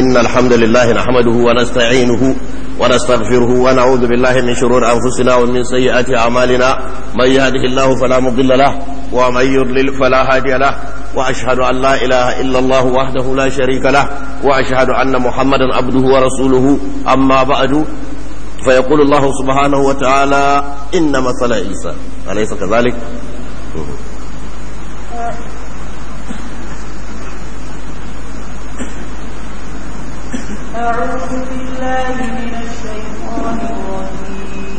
إن الحمد لله نحمده ونستعينه ونستغفره ونعوذ بالله من شرور أنفسنا ومن سيئات أعمالنا من يهده الله فلا مضل له ومن يضلل فلا هادي له وأشهد أن لا إله إلا الله وحده لا شريك له وأشهد أن محمدا عبده ورسوله أما بعد فيقول الله سبحانه وتعالى إن مثل عيسى أليس كذلك؟ أعوذ بالله من الشيطان الرجيم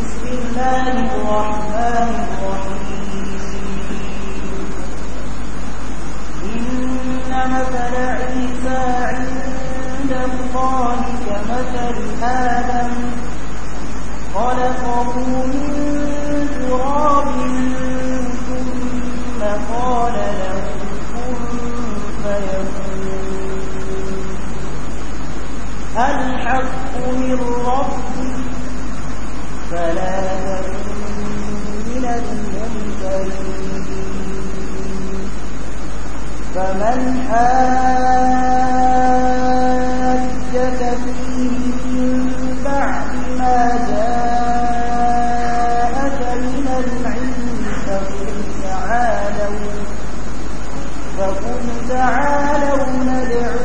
بسم الله الرحمن الرحيم إن مثل عيسى عند الله كمثل آدم خلقه من تراب ثم قال له كن فيكون الحق من ربي فلا تكن من الممتلين فمن حاجك فيه من بعد ما جاءك من العلم فقل تعالوا فقل تعالوا ندعو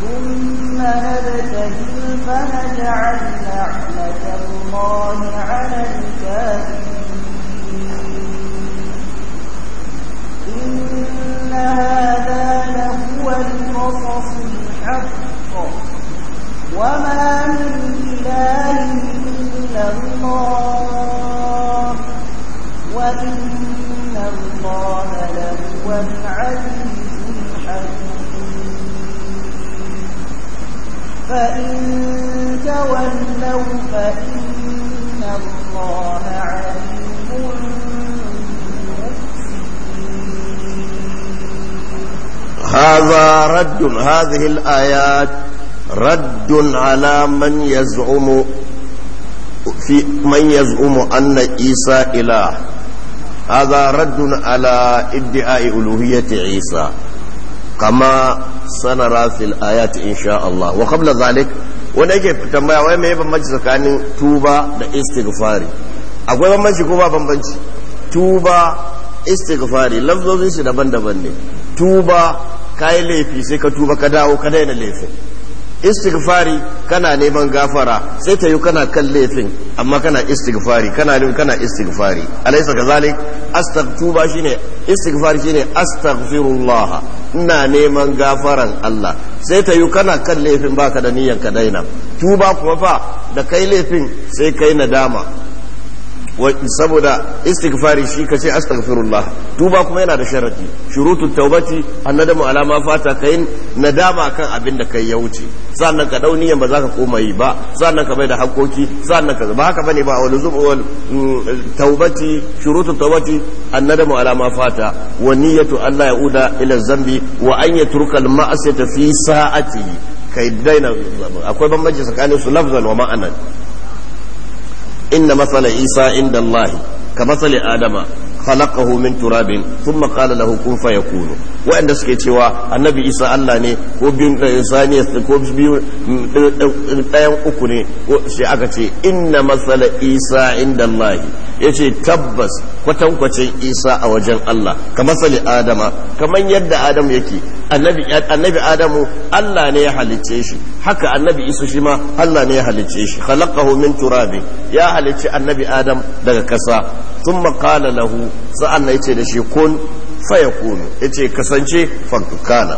ثم نبتهل فنجعل لعنة الله على الكافرين إن هذا لهو القصص الحق وما من إله إلا الله وإن الله لهو العزيز تولوا فإن الله عليم هذا رد هذه الآيات رد على من يزعم في من يزعم أن عيسى إله هذا رد على ادعاء ألوهية عيسى كما سنرى في الآيات إن شاء الله وقبل ذلك wanda yake tambaya wai mai bambanci tsakanin tuba da istighfari akwai bambanci ko ba bambanci tuba istighfari lafzozin shi daban-daban ne tuba kayi laifi sai ka tuba ka dawo ka daina laifin istighfari kana neman gafara sai ta yi kana kan laifin amma kana istighfari kana nufin kana istighfari alaisa kazalik astagtuba shine istighfari shine astaghfirullah ina neman gafaran Allah sai ta yi kana kan laifin baka da niyyar ka daina tuba kuma fa da kai laifin sai kai nadama saboda istighfari shi ka ce astaghfirullah tuba kuma yana da sharadi shurutut taubati annadamu ala ma fata kai nadama kan abin da kai ya wuce sannan ka dau niyan ba za ka koma yi ba sannan ka bai da hakkoki sannan ka ba haka bane ba wal zub wal mm, taubati shurutut taubati annadamu ala ma fata wa niyyatu alla yauda ila zambi wa an yatruka ma'asiyata fi kai daina akwai bambanci tsakanin su lafzan wa ma'anan inna masala isa indallahi allahi ka masali adama khalaqahu min turabin thumma qala lahu faya fayakunu waɗanda suke cewa annabi isa allah ne ko biyun eh, saniya ko biyun mm, ɗayan uku ne sai aka ce inna matsala isa inda allahi ya ce tabbas kwatankwacin isa a wajen allah ka matsali adama kamar yadda adamu yake annabi adamu allah ne ya halicce shi haka annabi isa shi ma allah ne ya halicce shi khalaqahu min turabi ya halicci annabi adam daga kasa sun qala lahu sa'an yace da shi kun fayakunu yace kasance fakana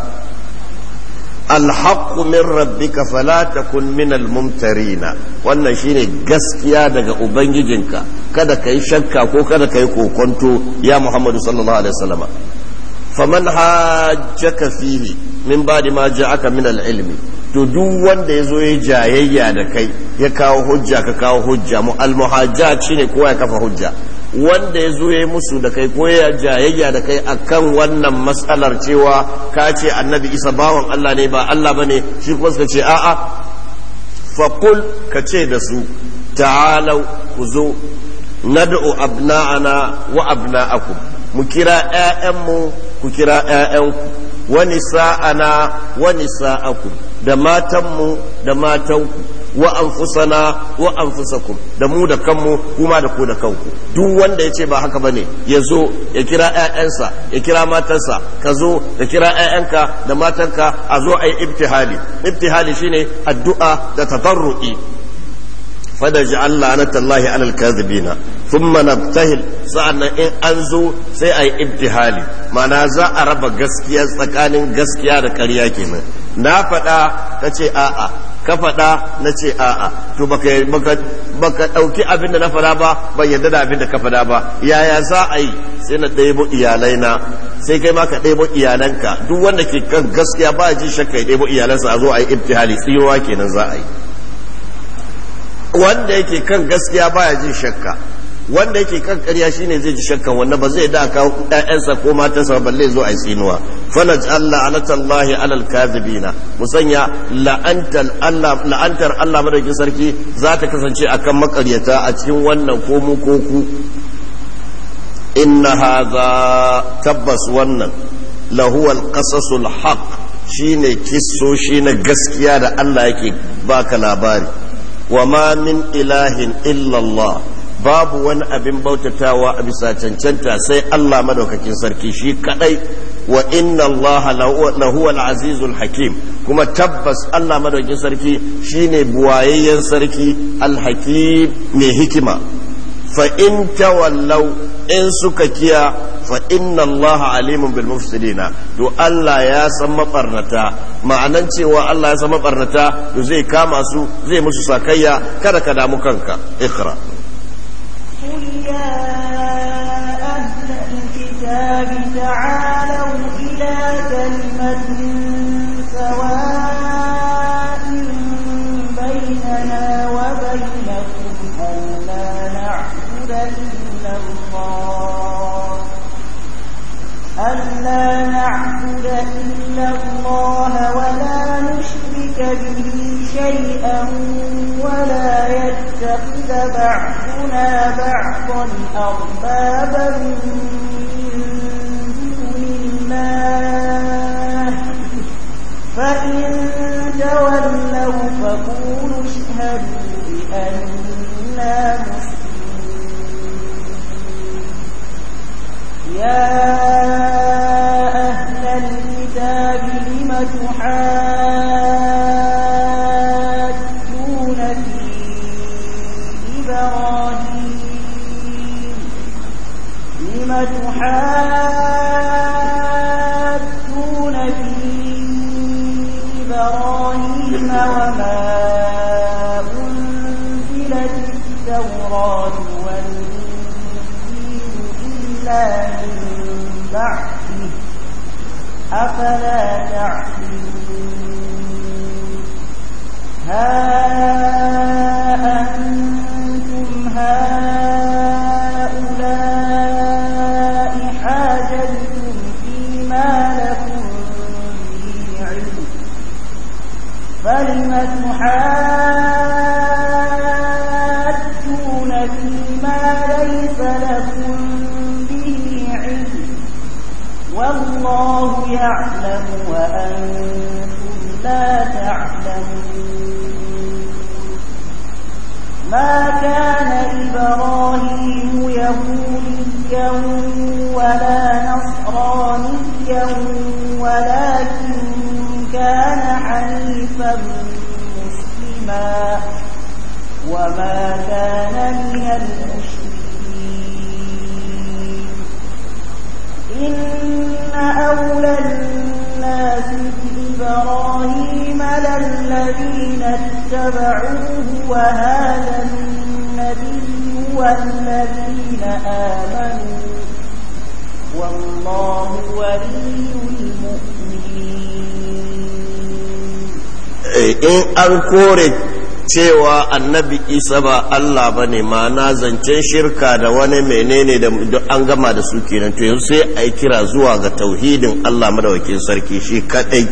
alhakumin min rabbika fala takun min almumtarina wannan shine gaskiya daga ubangijinka kada kai shakka ko kada kai kokonto ya muhammadu sallallahu alaihi wasallam faman hajjaka fihi min ba'di ma ja'aka min alilmi to duk wanda ya zo ya jayayya da kai ya kawo hujja ka kawo hujja mu almuhajja shine kowa ya kafa hujja wanda ya zo ya yi musu da kai ko ya jayayya da kai a kan wannan matsalar cewa ka ce annabi isa bawan Allah ne ba Allah ba ne shi kuma suka ce a'a faƙul ka ce da su ta'alau ku zo nad'u abna'ana wa abna'akum mu kira 'ya'yanmu ku kira 'ya'yanku wa nisa'ana wa nisa'akum da matanmu da matanku wa anfusana wa anfusakum da mu da kanmu kuma da ku da kanku duk wanda yace ba haka bane ya zo ya kira ƴaƴansa ya kira matarsa ka zo ka kira ƴaƴanka da matanka a zo ayi ibtihali ibtihali shine addu'a da tadarru'i فنجعل لعنة nabtahil على الكاذبين ثم نبتهل سأنا sai أنزو ibtihali mana za a raba gaskiya tsakanin gaskiya da ƙarya kenan na faɗa ta ce a'a ka faɗa na ce a'a to baka ɗauki abin da na faɗa ba ban yarda da abin da ka faɗa ba yaya za a yi sai na ɗebo iyalai na sai kai ma ka ɗebo iyalanka duk wanda ke kan gaskiya ba ji shakka ya ɗebo iyalansa a zo a yi ibtihali tsirowa kenan za a yi wanda yake kan gaskiya ba ya jin shakka wanda yake kan ƙarya shine zai ji shakkan wannan ba zai da kawo ƴaƴansa ko matansa ba balle zo a tsinuwa falaj Allah alatallahi alal kadhibina musanya la'antar Allah la'antar Allah sarki zata kasance akan makaryata a cikin wannan ko mu ko ku inna hadha tabbas wannan lahuwal alqasasul haqq shine kissoshi na gaskiya da Allah yake baka labari wa ma min ilahin illallah babu wani abin bautatawa a bisa cancanta sai Allah madaukakin sarki shi kadai wa inna Allah lahuwal azizul hakim kuma tabbas Allah madaukakin sarki shine buwayayyen sarki alhakim mai hikima fa in tawallau in suka kiya fa inna Allah alimun bil mufsidina to Allah ya san mabarnata ma'anan cewa Allah ya san mabarnata to zai kama su zai musu sakayya kada ka damu kanka ikra يا أهل الكتاب تعالوا إلى كلمة سواء بيننا وبينكم ألا نعبد إلا الله ألا نعبد إلا الله ولا نشرك به شيئا ولا يتخذ بعضنا بعضا أربابا من دون الله فإن تولوا فقولوا اشهدوا بأننا مسلمون يا أهل الكتاب لم تحاجون في إبراهيم لم تحاجون في إبراهيم وما أنزلت التوراة والإنجيل إلا من بعده أفلا تعقلون ها أنتم هؤلاء حاجلتم فيما لكم به علم فلم تحاجون فيما ليس لكم والله يعلم وأنتم لا تعلمون ما كان إبراهيم يهوديا ولا نصرانيا ولكن كان حنيفا مسلما وما كان من المشركين أولى الناس بإبراهيم للذين اتبعوه وهذا النبي والذين آمنوا والله ولي المؤمنين إيه، إن cewa annabi isa ba Allah ba ne ma'ana zancen shirka da wani menene da an gama da su kenan to yanzu sai a yi kira zuwa ga tauhidin Allah madawakin sarki shi kadai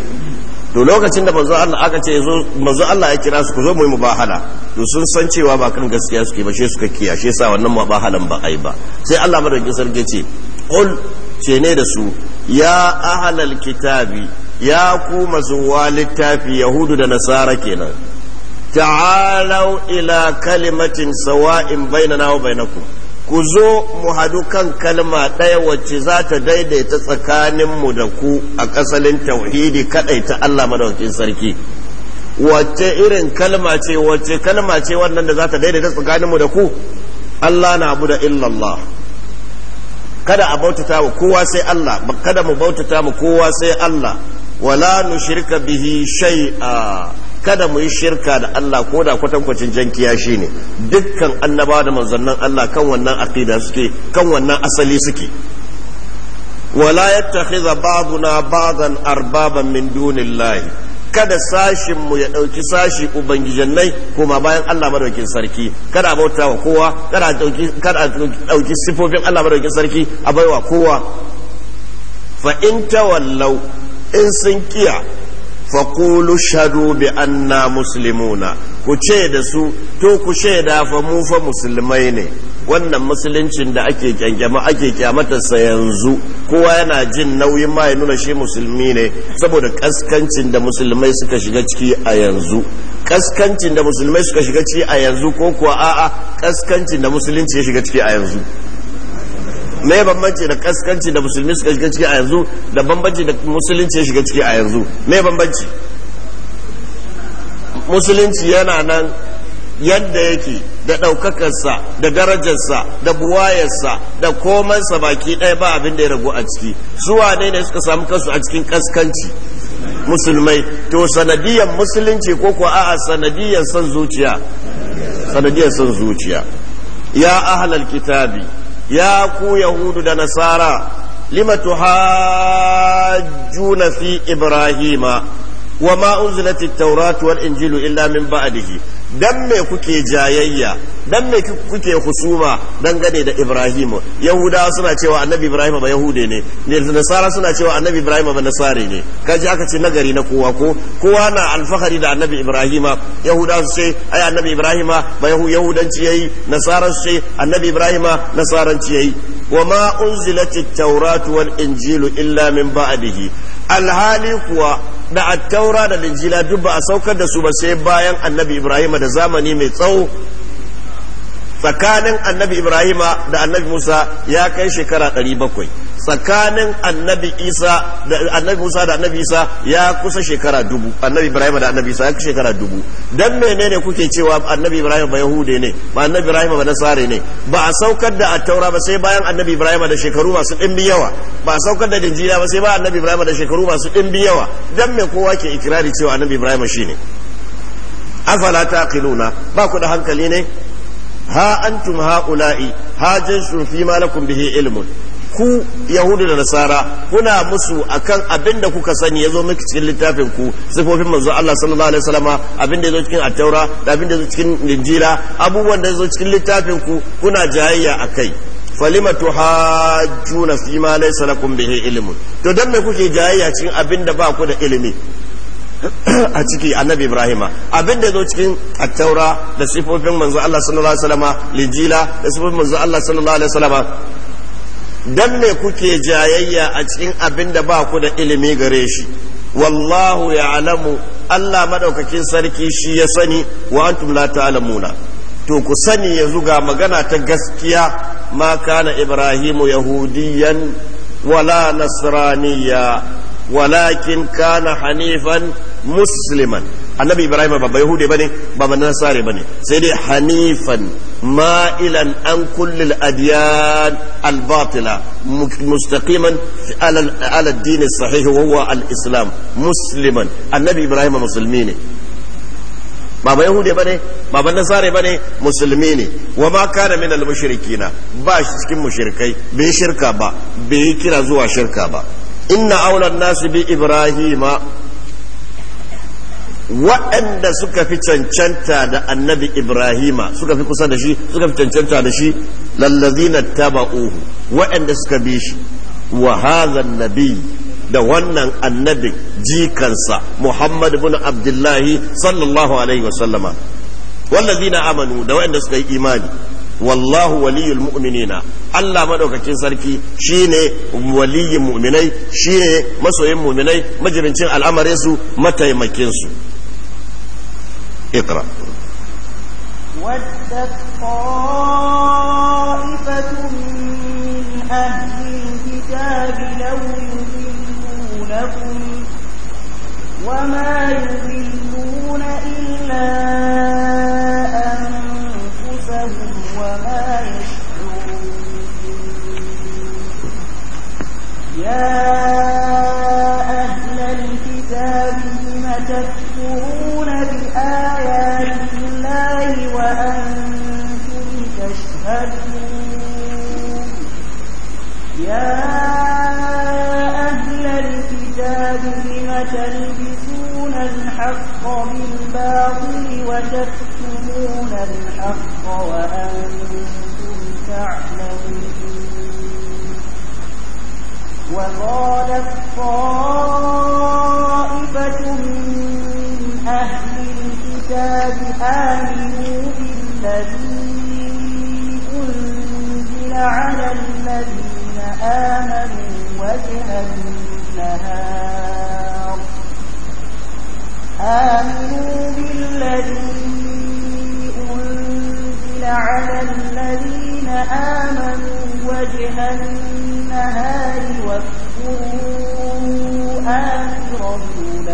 to lokacin da manzo Allah aka ce manzo Allah ya kira su ku zo mu yi mubahala to sun san cewa ba kan gaskiya suke ba shi suka kiya shi sa wannan mubahalan ba ai ba sai Allah madawakin sarki ce qul ce ne da su ya ahlal kitabi ya ku masu littafi yahudu da nasara kenan ta'alau ila kalimatin sawa'in bainana wa bainakum ku zo mu hadu kan kalma ɗaya wacce za ta daidaita tsakaninmu da ku a ƙasalin tauhidi kaɗai ta Allah madaukakin sarki wacce irin kalma ce wacce kalma ce wannan da za ta daidaita tsakaninmu da ku Allah na abu da illallah kada a bautata mu kowa sai Allah kada mu bautata mu kowa sai Allah wala nushrika bihi shay'a kada mu yi shirka da Allah ko da kwatankwacin jankiya kiyashi ne dukkan annabawa da manzannin Allah kan wannan aqida suke kan wannan asali suke wala babu na ba'dan arbaban min dunillahi kada sashin mu ya ɗauki sashi ubangijan nai kuma bayan Allah madaukin sarki kada bauta wa kowa kada ɗauki sifofin Allah madaukin sarki a baiwa kowa fa in in sun kiya faƙulu shaɗu bi anna muslimuna ku ce da su to ku shaida fa mu fa musulmai ne wannan musuluncin da ake kyangyama ake kyamatarsa yanzu kowa yana jin nauyin ma ya nuna shi musulmi ne saboda kaskancin da musulmai suka shiga ciki a yanzu kaskancin da musulmai suka shiga ciki a yanzu ko kuwa a'a kaskancin da musulunci ya shiga ciki a yanzu me bambanci da kaskanci da musulmi suka shiga ciki a yanzu da bambanci da musulunci ya shiga ciki a yanzu me bambanci musulunci yana nan yadda yake da ɗaukakarsa da darajarsa da buwayarsa da komansa baki ɗaya ba abin da ya ragu a ciki su ne ne suka samu kansu a cikin kaskanci musulmai to sanadiyan musulunci ko ko a'a sanadiyan son zuciya sanadiyan son zuciya ya ahlal kitabi ya ku yahudu da nasara lima tuhajjuna fi ibrahima wa ma unzilat injilu illa min ba'dihi dan me kuke jayayya dan me kuke husuma dangane da Ibrahim Yahudawa suna cewa Annabi Ibrahim ba Yahude ne Nasara suna cewa Annabi Ibrahim ba Nasare ne kaji aka ce nagari na kowa ko kowa na alfahari da Annabi Ibrahim yahuda su ce ai Annabi Ibrahim ba Yahudanci yayi Nasara su ce Annabi Ibrahim Nasaranci yayi وما أنزلت التوراة والإنجيل إلا من بعده alhali kuwa. da attaura da linjila duk ba a saukar da su ba sai bayan annabi ibrahim da zamani mai tsawo tsakanin annabi ibrahima da annabi musa ya kai shekara 700 tsakanin annabi isa da annabi musa da annabi isa ya kusa shekara dubu annabi ibrahima da annabi isa ya kusa shekara dubu dan menene kuke cewa annabi ibrahima ba yahude ne ba annabi ibrahima ba nasare ne ba a saukar da attaura ba sai bayan annabi ibrahima da shekaru masu dimbi yawa ba a saukar da injila ba sai bayan annabi ibrahima da shekaru masu dimbi yawa dan me kowa ke ikirari cewa annabi ibrahima shine afala taqiluna ba ku da hankali ne ha antum haula'i ha jinsun fi ma lakum bihi ilmun ku yahudu da nasara kuna musu akan abin da kuka sani yazo miki cikin littafin ku sifofin manzo Allah sallallahu alaihi wasallama abin da yazo cikin at-taura da abin da yazo cikin injila abubuwan da yazo cikin littafin ku kuna jayayya akai falima tuhajjuna fi ma laysa lakum bihi ilmun to dan me kuke jayayya cikin abin da ba ku da ilimi a ciki annabi ibrahima abin da zo cikin attaura da sifofin manzo Allah sallallahu alaihi wasallama lijila da sifofin manzo Allah sallallahu alaihi wasallama dan me kuke jayayya a cikin abin da ba ku da ilimi gare shi wallahu ya'lamu Allah madaukakin sarki shi ya sani wa antum la ta'lamuna to ku sani ya zuga magana ta gaskiya ma kana ibrahimu yahudiyan wala nasraniya ولكن كان حنيفا musliman annabi ibrahim bane bane sai dai hanifan ma'ilan an kulli al-adyan mustaqiman ala sahih wa huwa al-islam musliman annabi ibrahim musulmi ne bane bane musulmi ne wa ma kana min al mushrikina ba shi cikin mushrikai bai shirka ba bai kira zuwa shirka ba inna aulan nasi bi ibrahima waɗanda suka fi cancanta da annabi ibrahima suka fi kusa da shi suka fi cancanta da shi lallazina taba'uhu waɗanda suka bi shi wa hadha nabi da wannan annabi jikansa muhammad ibn abdullahi sallallahu alaihi wa sallama wallazina amanu da waɗanda suka yi imani wallahu waliyul mu'minina Allah madaukakin sarki shine waliyin mu'minai shine masoyin mu'minai majibincin al'amarin su mataimakin su اقرأ ودت طائفة من أهل الكتاب لو يضلونكم وما يضلون إلا أنفسهم وما يشعرون يا أهل الكتاب تكفرون بآيات الله وأنتم تشهدون يا أهل الكتاب لم تلبسون الحق بالباطل وتكتمون الحق وأنتم تعلمون وقالت طائفة من أهل الكتاب آمنوا بالذي أنزل على الذين آمنوا وجه النهار آمنوا بالذي أنزل على الذين آمنوا وجه النهار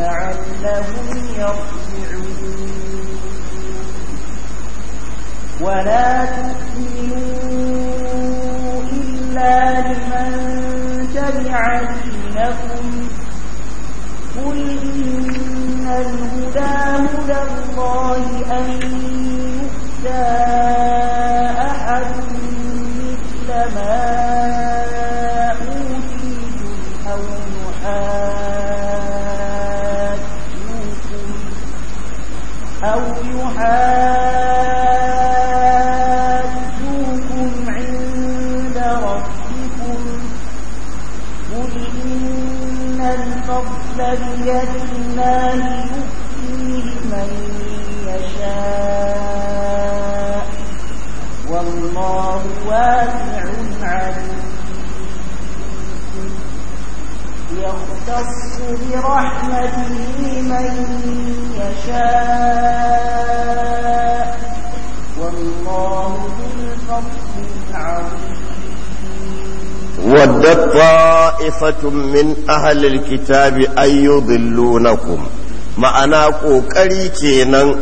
لعلهم يرجعون ولا تؤمنوا إلا لمن تبع دينكم قل إن الهدى هدى الله أن يؤتى أحد مثل ما يحاجوكم عند ربكم قل إن الفضل بيد الله يؤتيه من يشاء والله واسع عليم يختص برحمته من يشاء ودت طائفة من أهل الكتاب أن يضلونكم ma'ana ƙoƙari kenan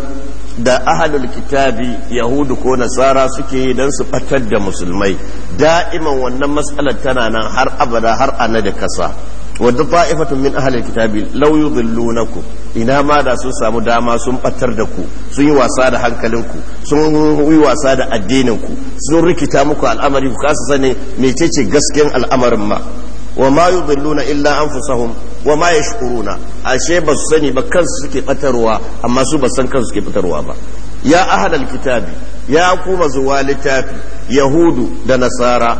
da ahalul kitabi yahudu ko nasara suke yi don su ɓatar da musulmai da'iman wannan matsalar tana nan har abada har ana da kasa wadda ta'ifatun min ahalul kitabi lau yudhillunakum ina ma da sun samu dama sun batar da ku sun yi wasa da hankalinku sun yi wasa da addininku sun rikita muku al'amari ku kasa sani mecece gasken al'amarin ma wa ma yudilluna illa an fusahun wa ma shukuruna ashe ba su sani ba kansu suke batarwa amma su ba san kansu suke batarwa ba ya ahlal kitabi ya kuma zuwa littafi yahudu da nasara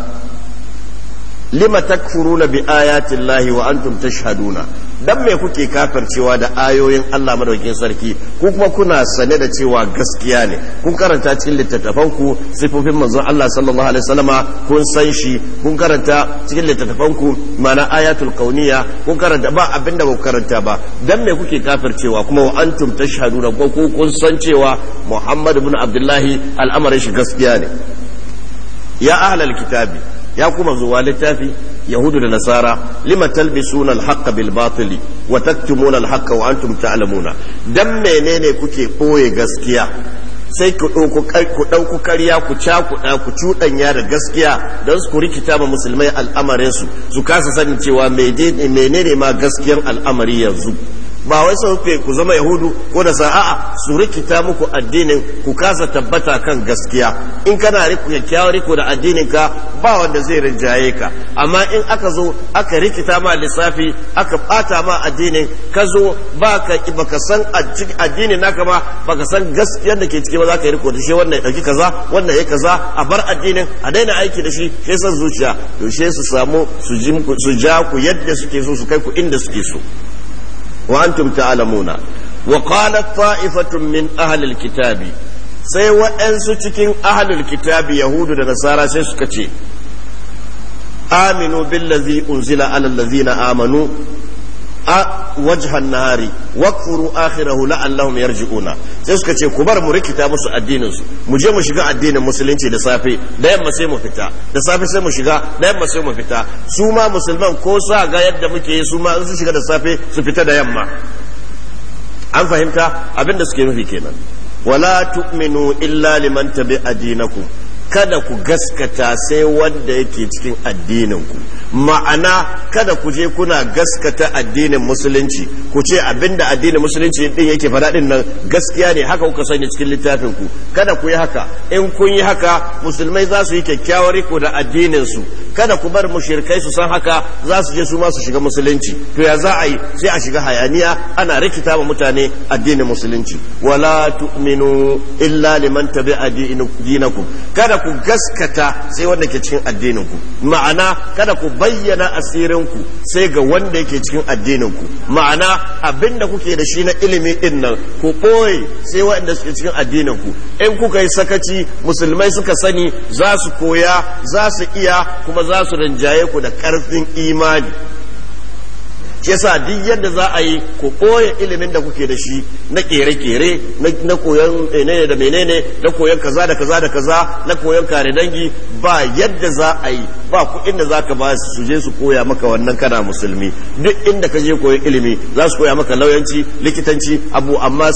lima takfuruna bi ayati llahi wa antum tashhaduna dan me kuke kafircewa da ayoyin Allah madaukakin sarki ku kuma kuna sane da cewa gaskiya ne kun karanta cikin littattafan ku sifofin manzon Allah sallallahu alaihi wasallama kun san shi kun karanta cikin littattafan ku mana ayatul kauniya kun karanta ba abinda ba ku karanta ba dan me kuke kafircewa kuma wa antum tashhaduna ko kun san cewa Muhammad ibn Abdullahi al'amarin shi gaskiya ne ya ahlal kitabi ya kuma zuwa littafi yahudu da nasara lima talbisuna alhaqqa bil batili wa taktumuna alhaqqa wa antum ta'lamuna dan menene kuke boye gaskiya sai ku ɗauku karya ku cakuɗa ku cuɗanya da gaskiya don su rikita ma musulmai al'amarinsu su kasa sanin cewa menene ma gaskiyar al'amari yanzu ba wai sun fe ku zama yahudu ko da a'a su rikita muku addinin ku kasa tabbata kan gaskiya in kana riku kyakkyawar riko da addinin ka ba wanda zai rinjaye ka amma in aka zo aka rikita ma lissafi aka bata ma addinin ka zo ba baka san addinin naka ba baka san gaskiyar da ke ciki ba za ka yi riko da shi wannan ya dauki kaza wannan ya kaza a bar addinin a daina aiki da shi sai san zuciya to shi su samu su ji su ja ku yadda suke so su kai ku inda suke so wa antum ta'lamuna wa qalat ta'ifatun min ahli alkitabi sai waɗansu cikin ahlul kitabi yahudu da nasara sai suka ce aminu billazi unzila ala allazina amanu a wajhan nahari waqfuru akhirahu la'allahum yarji'una sai suka ce ku bar mu rikita musu addinin su mu je mu shiga addinin musulunci da safe da yamma sai mu fita da safe sai mu shiga da yamma sai mu fita su ma musulman ko sa ga yadda muke yi su ma su shiga da safe su fita da yamma an fahimta abinda suke nufi kenan wala tu'minu illa liman tabi'a dinakum kada ku gaskata sai wanda yake cikin addinin ku ma'ana kada ku je kuna gaskata addinin musulunci ku ce abinda addinin musulunci din yake fada din nan gaskiya ne haka kuka sanya cikin littafin ku kada ku yi haka in kun yi haka musulmai za su yi kyakkyawar riko da addinin su kada ku bar mushrikai su san haka za su je su ma su shiga musulunci to ya za a yi sai a shiga hayaniya ana rikita wa mutane addinin musulunci wala tu'minu illa liman tabi'a dinakum kada ku gaskata sai wanda ke cikin addinin ku ma'ana kada ku bayyana asirin ku sai ga wanda yake cikin addinin ku ma'ana abinda kuke da shi na ilimi din nan ku koyi sai wanda suke cikin addinin ku in kuka yi sakaci musulmai suka sani za su koya za su iya kuma za su rinjaye ku da ƙarfin imani yasa duk yadda za a yi ku ɓoye ilimin da kuke da shi na kere-kere na koyon menene da menene na koyon kaza da kaza da kaza na koyon kare dangi ba yadda za a yi ba kuɗin da zaka ba su je su koya maka wannan kana musulmi duk inda ka je koyi ilimi za su koya maka lauyanci likitanci abu amma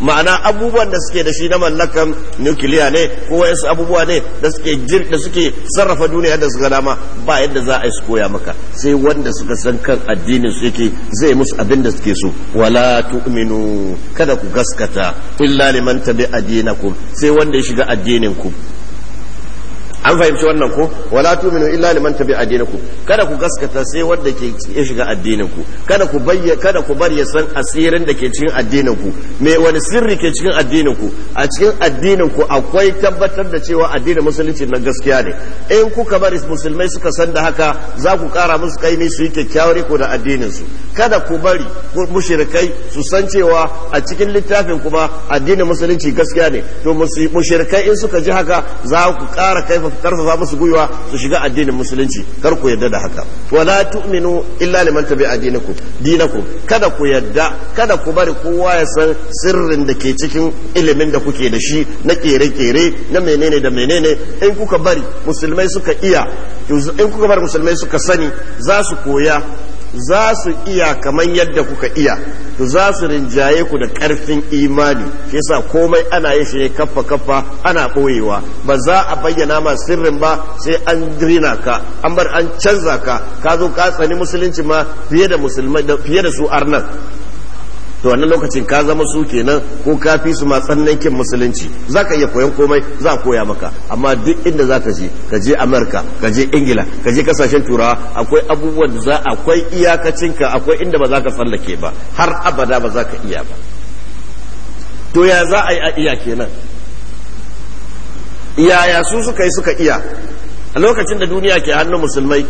ma'ana abubuwan da suke da shi na mallakan nukiliya ne ko wasu abubuwa ne da suke jir da suke sarrafa duniya da suka dama ba yadda za a yi su koya maka sai wanda suka san kan addinin su yake zai musu abin da suke so wala tu'minu kada ku gaskata illa liman tabi'a dinakum sai wanda ya shiga addinin ku an fahimci wannan ko wala tu'minu illa liman tabi'a dinakum kada ku gaskata sai wanda ke ya shiga addinin kada ku bayya kada ku bar ya san asirin da ke cikin addinin me wani sirri ke cikin addinin a cikin addinin akwai tabbatar da cewa addinin musulunci na gaskiya ne in kuka bari musulmai suka san da haka za ku kara musu kaimi su yi kyakkyawar ko da addinin su kada ku bari mushrikai su san cewa a cikin littafin ku ba addinin musulunci gaskiya ne to mushrikai in suka ji haka za ku kara kaifa karfafa musu gwiwa su shiga addinin musulunci kar ku yadda da haka wala tu'minu illa liman tabi'a dinakum dinakum kada ku yadda kada ku bari kowa ya san sirrin da ke cikin ilimin da kuke da shi na kere-kere na menene da menene in kuka bari musulmai suka iya in kuka bari musulmai suka sani za su koya za su iya kamar yadda kuka iya to za su rinjaye ku da karfin imani shi yasa komai ana yin shi ne kaffa kaffa ana ɓoyewa ba za a bayyana ma sirrin ba sai an rina ka an bar an canza ka ka zo ka tsani musulunci ma fiye da musulmai fiye da su arnan to wannan lokacin ka zama su kenan ko ka fi su matsannan kin musulunci za ka iya koyan komai za a koya maka amma duk inda za ka je ka je Amurka ka je Ingila ka je kasashen turawa akwai abubuwan da za akwai iyakacinka akwai inda ba za ka tsallake ba har abada ba za ka iya ba to ya za a yi a iya kenan yaya su suka yi suka iya a lokacin da duniya ke hannun musulmai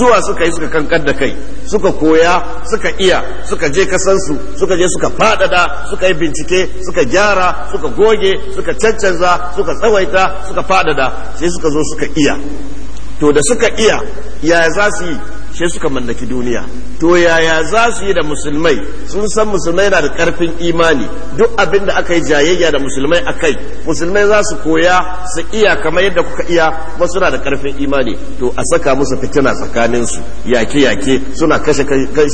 zuwa suka yi suka kankar da kai suka koya suka iya suka je kasansu suka je suka fadada suka yi bincike suka gyara suka goge suka cancanza suka tsawaita suka fadada sai suka zo suka iya to da suka iya yaya za su yi shi suka mallaki duniya to yaya za su yi da musulmai sun san musulmai na da karfin imani duk abin da aka yi jayayya da musulmai a kai musulmai za su koya su iya kamar yadda kuka iya ba suna da karfin imani to a saka musu fitina tsakaninsu su yake yake suna kashe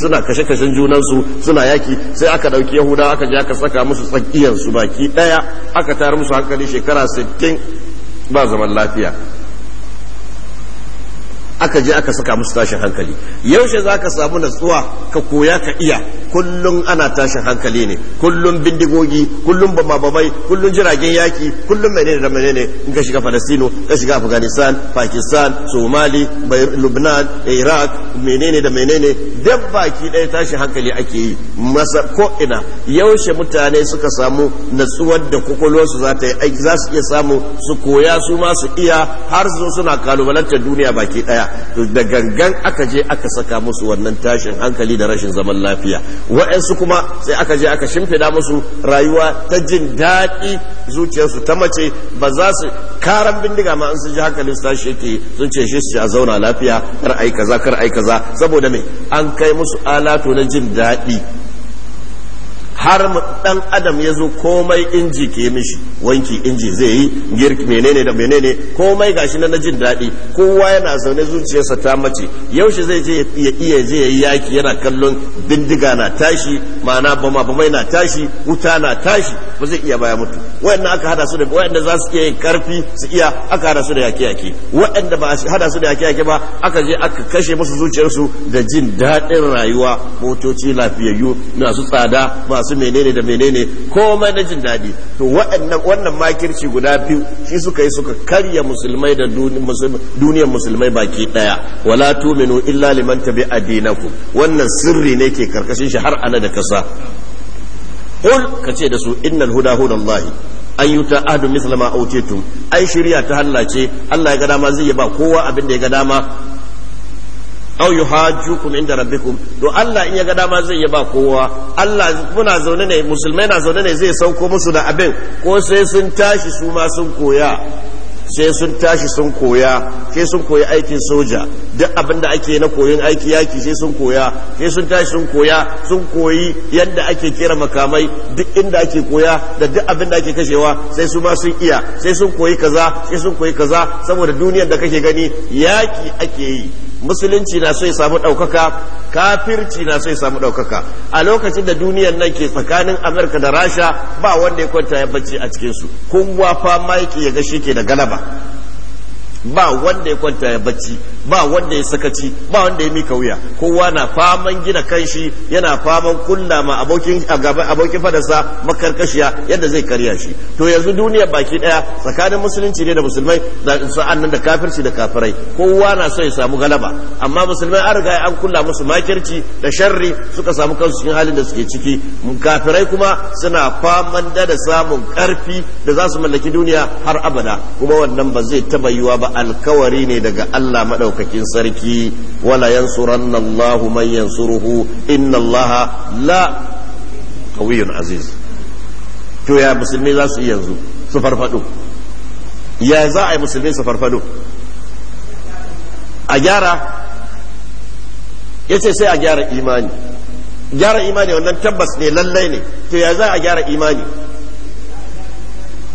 suna kashe kashen junan suna yaki sai aka dauki yahuda aka je aka saka musu tsakiyan su baki daya aka tayar musu hankali shekara 60 ba zaman lafiya aka je aka saka musu tashin hankali yaushe za ka samu natsuwa ka koya ka iya kullum ana tashin hankali ne kullum bindigogi kullum bamababai kullum jiragen yaki kullum menene da menene in ka shiga falastino ka shiga afghanistan pakistan somali lubnan iraq menene da menene duk baki ɗaya tashin hankali ake yi masa ko ina yaushe mutane suka samu natsuwar da kwakwalwarsu za ta yi za su iya samu su koya su ma su iya har su suna kalubalantar duniya baki ɗaya to da gangan aka je aka saka musu wannan tashin hankali da rashin zaman lafiya waɗansu kuma sai aka je aka shimfida musu rayuwa ta jin daɗi zuciyarsu ta mace ba za su karan bindiga ma an sun ji hankalin su tashi ke sun ce shi su a zauna lafiya kar aika kaza kar ai kaza saboda me an kai musu alatu na jin daɗi har dan adam ya zo komai inji ke mishi wanki inji zai yi girki menene da menene komai gashi na jin daɗi kowa yana zaune zuciyarsa ta mace yaushe zai je ya iya je yi yaki yana kallon bindiga na tashi ma'ana ma bamai na tashi wuta na tashi ba zai iya baya mutu wayanda aka hada su da wayanda za su iya yin karfi su iya aka hada su da yaki yaki wayanda ba hada su da yaki yaki ba aka je aka kashe musu zuciyarsu da jin daɗin rayuwa motoci lafiyayyu masu tsada masu su menene da menene komai na jin daɗi to waɗannan wannan makirci guda biyu shi suka yi suka karya musulmai da duniyar musulmai baki ɗaya wala tuminu illa liman tabi adinaku wannan sirri ne ke karkashin shi har ana da kasa qul kace da su innal huda hudallahi an yi ta ahadu misla ma autetum ai shirya ta hallace Allah ya ga dama zai ba kowa abin da ya ga dama haju yuhajjukum inda rabbikum to Allah in ya ga dama zai ba kowa Allah muna zaune ne musulmai na zaune ne zai sauko musu da abin ko sai sun tashi su ma sun koya sai sun tashi sun koya sai sun koyi aikin soja duk abin da ake na koyon aiki yaki sai sun koya sai sun tashi sun koya sun koyi yadda ake kera makamai duk inda ake koya da duk abin da ake kashewa sai su ma sun iya sai sun koyi kaza sai sun koyi kaza saboda duniyar da kake gani yaki ake yi musulunci na sai samu ɗaukaka kafirci na sai samu ɗaukaka a lokacin da duniyar nan ke tsakanin amurka da rasha ba wanda ya kwanta ya bacci a cikinsu kowa fama maiki ya ga ke da galaba ba wanda ya kwanta ya bacci ba wanda ya sakaci ba wanda ya mika wuya kowa na faman gina kanshi yana faman kunna ma abokin abokin fadarsa makarkashiya yadda zai karya shi to yanzu duniya baki daya tsakanin musulunci ne da musulmai sa'an nan da kafirci da kafirai kowa na so ya samu galaba amma musulmai an riga an kulla musu makirci da sharri suka samu kansu cikin halin da suke ciki kafirai kuma suna faman da da samun karfi da za su mallaki duniya har abada kuma wannan ba zai taba yiwa ba alkawari ne daga Allah madau madaukakin sarki wala yansuranna Allahu man yansuruhu inna Allaha la qawiyyun aziz to ya musulmi za su yanzu su farfado ya za a yi musulmi su farfado a gyara yace sai a gyara imani gyara imani wannan tabbas ne lallai ne to ya za a gyara imani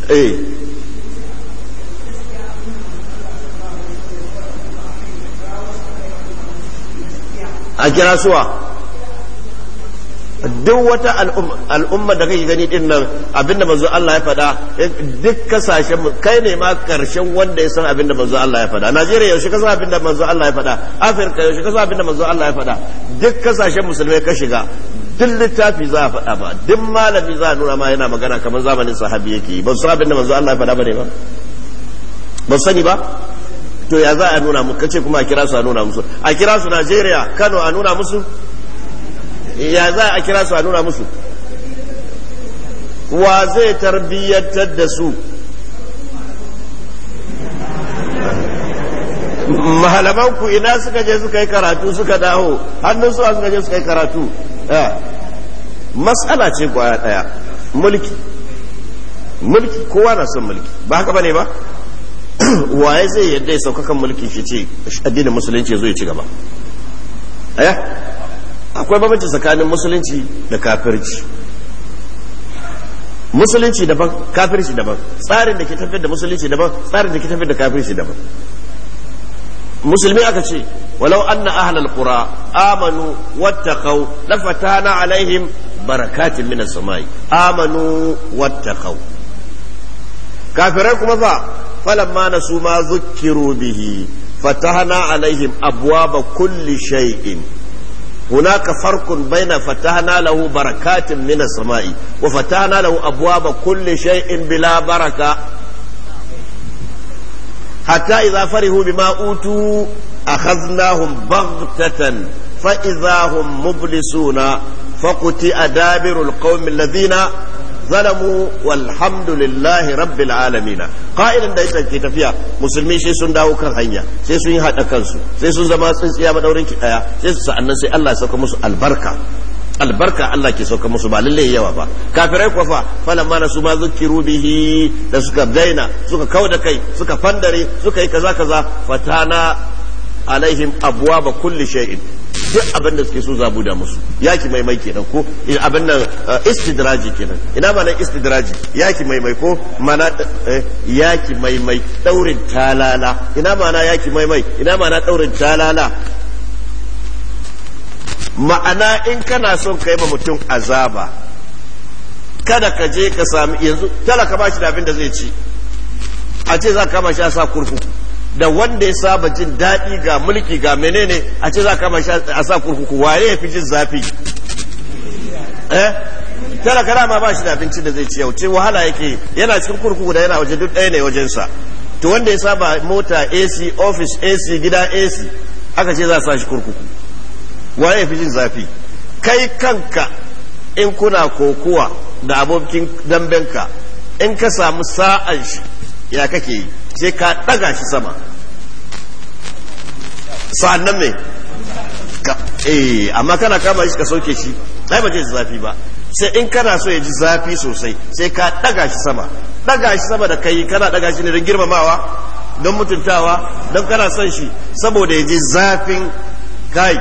eh a kira suwa duk wata al'umma da kake gani din nan abinda manzo Allah ya faɗa eh, duk kasashen kai ne ma karshen wanda ya san abinda manzo Allah ya faɗa Najeriya yaushe ka san abinda manzo Allah ya faɗa Afirka yaushe ka san abinda manzo Allah ya faɗa duk kasashen musulmai ka shiga duk littafi za a faɗa ba duk malami za a nuna ma yana magana kamar zamanin sahabi yake ba su abinda manzo Allah ya faɗa ba ne ba ba sani ba to ya za a nuna mu kace kuma a kira su a nuna musu a kira su Najeriya Kano a nuna musu ya za a kira su a nuna musu wa zai tarbiyyantar da su malamanku ina suka je suka yi karatu suka dawo hannun su suka je suka yi karatu matsala ce kwaya daya mulki mulki kowa na son mulki ba haka bane ba waye zai yadda ya sauka kan mulkin shi ce addinin musulunci ya zo ya ci gaba aya eh? akwai bambanci tsakanin musulunci da kafirci musulunci daban kafirci daban tsarin da ke tafiyar da musulunci daban tsarin da ke tafiyar da kafirci daban musulmi aka ce walau anna ahlal qura amanu wattaqau lafatana alaihim barakatin minas samai amanu wattaqau kafirai kuma fa falamma nasu ma zukkiru bihi fatahna alaihim abwaba kulli shay'in هناك فرق بين فتحنا له بركات من السماء وفتحنا له أبواب كل شيء بلا بركة حتى إذا فرحوا بما أوتوا أخذناهم بغتة فإذا هم مبلسون فقطع دابر القوم الذين zalamu walhamdulillahi rabbil alamin ka'idan da ita ke tafiya musulmi sai sun dawo kan hanya sai sun yi hada kansu sai sun zama tsintsiya madaurin ki daya sai sa'annan sai Allah ya musu albarka albarka Allah ke sauka musu ba lalle yawa ba kafirai kuwa fa falamma nasu ma zukiru bihi da suka daina suka kauda kai suka fandare suka yi kaza kaza fatana alaihim abwaba kulli shay'in duk abin da suke so za buda musu yaki maimai kenan ko eh, abin nan eh, istidraji kenan ina ma nan istidraji yaki maimai ko mana eh, yaki maimai daurin talala ina ma na yaki maimai ina ma na daurin talala ma'ana in kana son kai ma mutum azaba kada ka je ka sami yanzu talaka ba shi da abin da zai ci a ce za ka kama shi a sa kurkuku da wanda ya saba jin daɗi ga mulki ga menene a ce za ka kama a sa kurkuku waye ya fi jin zafi eh talaka ma ba shi da abincin da zai ci yau ce wahala yake yana cikin kurkuku da yana waje duk ɗaya ne wajensa to wanda ya saba mota ac office ac gida ac aka ce za a sa shi kurkuku waye ya fi jin zafi kai kanka in kuna kokowa da abokin dambenka in ka samu sa'an shi ya kake yi sai ka daga shi sama sa'annan me eh amma kana kama shi ka sauke shi ai ba zai ji zafi ba sai in kana so ya ji zafi sosai sai ka daga shi sama daga shi sama da kai kana daga shi ne don girmamawa don mutuntawa don kana son shi saboda ya ji zafin kai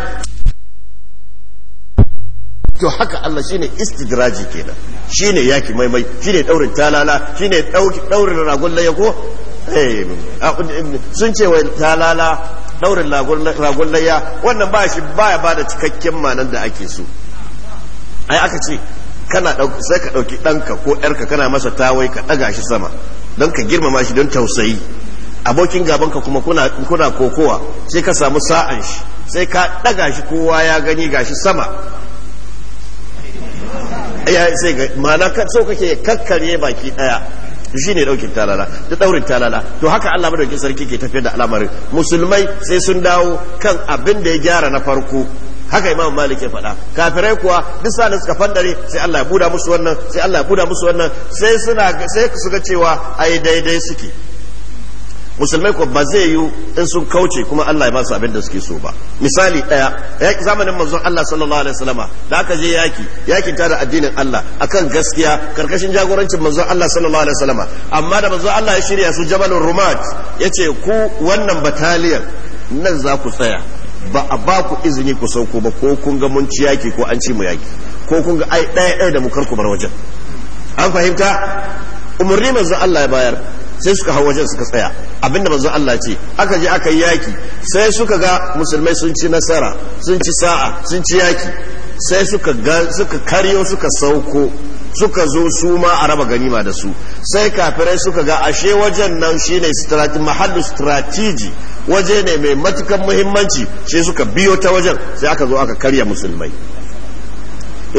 to haka Allah shine istidraji kenan shine yaki maimai shine daurin talala shine daurin ragon layako Eh, sun ce wai talala daurin ragon layya wannan ba shi baya ba da cikakken manan da ake so ai aka ce kana sai ka ɗauki ɗanka ko ‘yarka kana masa tawai ka daga shi sama don ka girmama shi don tausayi abokin gabanka kuma kuna kokowa sai ka samu sa'an shi sai ka ɗaga shi kowa ya gani gashi sama sai ga ma'ana so kake kakkarye baki ɗaya to shine daukin talala da daurin talala to haka Allah madaukin sarki ke tafiyar da al'amarin musulmai sai sun dawo kan abin da ya gyara na farko haka imam malik ya faɗa kafirai kuwa duk sanda suka fandare sai Allah ya buda musu wannan sai Allah ya buda musu wannan sai suna sai su cewa ai daidai suke musulmai ko ba zai yi in sun kauce kuma Allah ya ba su abin da suke so ba misali daya zamanin manzon Allah sallallahu alaihi wasallama da aka je yaki ta da addinin Allah akan gaskiya karkashin jagorancin manzon Allah sallallahu alaihi wasallama amma da manzon Allah ya shirya su Jabalur Rumat yace ku wannan bataliyan nan za ku tsaya ba a ba ku izini ku sauko ba ko kun ga mun ci yaki ko an ci mu yaki ko kun ga ai daya daya da mu kar ku bar wajen an fahimta umarni manzon Allah ya bayar sai suka hau wajen suka tsaya abinda manzon Allah ce aka je aka yi yaki sai suka ga musulmai sun ci nasara sun ci sa'a sun ci yaki sai suka ga suka karyo suka sauko suka zo su ma a raba ganima da su sai kafirai suka ga ashe wajen nan shine strati mahallu strategy waje ne mai matukan muhimmanci sai suka biyo ta wajen sai aka zo aka karya musulmai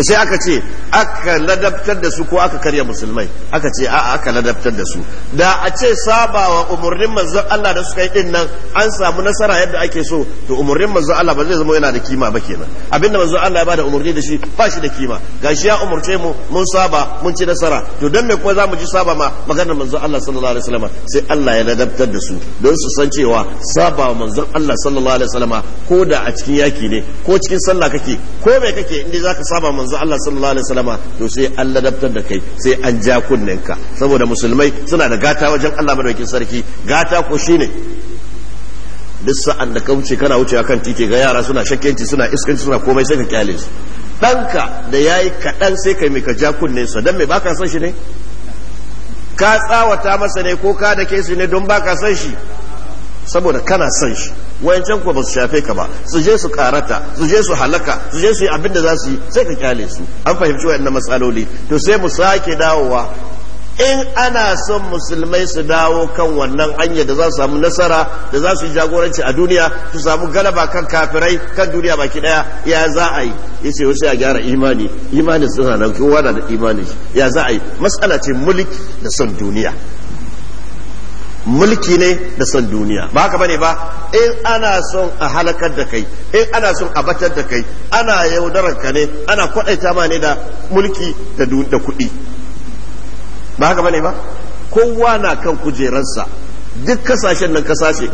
sai aka ce aka ladabtar da su ko aka karya musulmai aka ce a aka ladabtar da su da a ce sabawa umarnin manzon Allah da suka yi din nan an samu nasara yadda ake so to umarnin manzon Allah ba zai zama yana da kima ba kenan abinda manzon Allah ya bada umarni da shi ba shi da kima gashi ya umurce mu mun saba mun ci nasara to dan me ko za mu ji saba ma maganar manzon Allah sallallahu alaihi wasallam sai Allah ya ladabtar da su don su san cewa sabawa manzon Allah sallallahu alaihi wasallam ko da a cikin yaki ne ko cikin sallah kake ko me kake inda zaka saba manzon Allah sallallahu alaihi wasallam dama to sai an ladabtar da kai sai an ja ka saboda musulmai suna da gata wajen Allah madaukakin sarki gata ko shine duk sa'an da ka wuce kana wucewa kan titi ga yara suna shakkenci suna iskanci suna komai sai ka kyale su ɗanka da yayi kaɗan sai kai mai ka ja kunne sa dan me baka san shi ne ka tsawata masa ne ko ka da ke ne don baka san shi saboda kana san shi wayancan ko ba su shafe ka ba su je su karata su je su halaka su je su yi abin da za su yi sai ka kyale su an fahimci wayannan matsaloli to sai mu sake dawowa in ana son musulmai su dawo kan wannan anya da za su samu nasara da za su yi jagoranci a duniya su samu galaba kan kafirai kan duniya baki daya ya za a yi ya ce wasu ya gyara imani imani suna nan kowa da imani ya za a yi matsala ce mulki da son duniya mulki ne da son duniya ba haka bane ba in ana son a halakar da kai in ana son a batar da kai ana yaudarar ka ne ana kwadaita ma ne da mulki da da kuɗi ba haka bane ba kowa na kan kujerarsa duk kasashen nan kasashe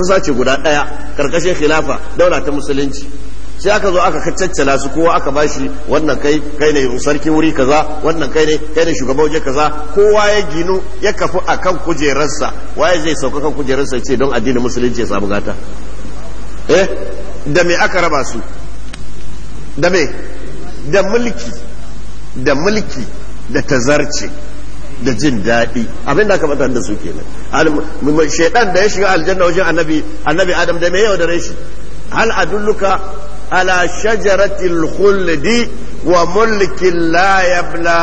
kasashe guda ɗaya karkashin khilafa daula ta musulunci sai aka zo aka caccala su kowa aka bashi wannan kai kai ne sarki wuri kaza wannan kai ne kai ne shugaban waje kaza kowa ya ginu ya kafu akan kujerarsa waye zai sauka kan kujerarsa ce don addinin musulunci ya samu gata eh da me aka raba su da me da mulki da mulki da tazarci da jin daɗi abin da aka mata da su kenan shaidan da ya shiga aljanna wajen annabi annabi adam da me yau da shi hal adulluka على شجرة الخلد وملك لا يبلى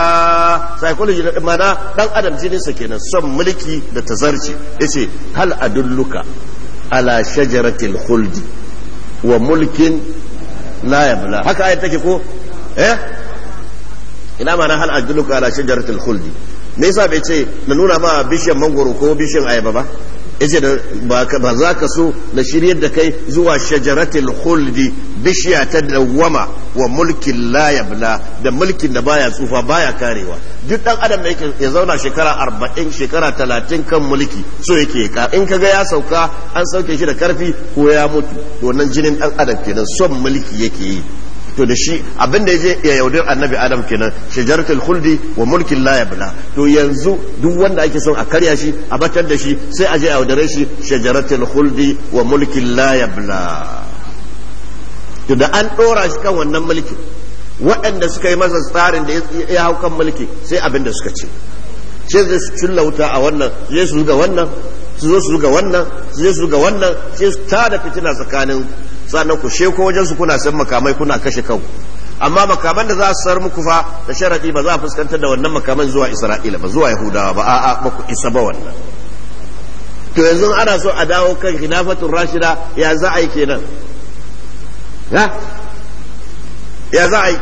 سيكولوجي معنى دان ادم جيني سكينا son mulki da tazarci yace hal adulluka ala shajaratil khuldi wa mulkin la haka ayat take ko ina ma'ana hal adulluka ala shajaratil khuldi me yasa bai ce na nuna ma bishiyar mangoro ko bishiyar ayaba ba yace da ba za ka so na shiryar da kai zuwa shajaratul khuldi bishiya ta dawwama wa mulkin la yabla da mulkin da baya tsufa baya karewa duk dan adam da yake ya zauna shekara 40 shekara 30 kan mulki so yake ka in kaga ya sauka an sauke shi da karfi ko ya mutu to nan jinin dan adam kenan son mulki yake yi to da shi abin da ya je ya yaudar annabi adam kenan shajaratul khuldi wa mulkin la yabla to yanzu duk wanda ake son a karya shi a batar da shi sai a je a yaudare shi shajaratul khuldi wa mulkin la yabla to da an dora shi kan wannan mulkin waɗanda suka yi masa tsarin da ya hau kan mulki sai abin da suka ce sai zai su a wannan zai su ga wannan su zo su ga wannan su su ga wannan sai su tada fitina tsakanin sannan ku sheko wajen su kuna san makamai kuna kashe kanku amma makaman da za su sar muku fa da sharadi ba za a fuskantar da wannan makaman zuwa Isra'ila ba zuwa Yahudawa ba a'a ba ku isa ba wannan to yanzu ana so a dawo kan khilafatul rashida ya za a yi kenan ha ya za a yi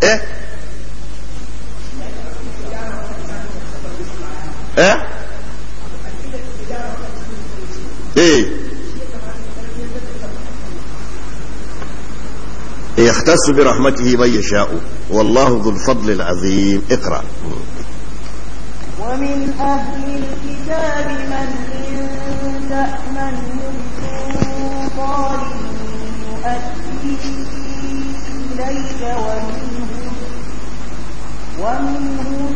eh eh eh يختص برحمته من يشاء والله ذو الفضل العظيم اقرأ ومن أهل الكتاب من إن تأمنه قال يؤتي إليك ومنهم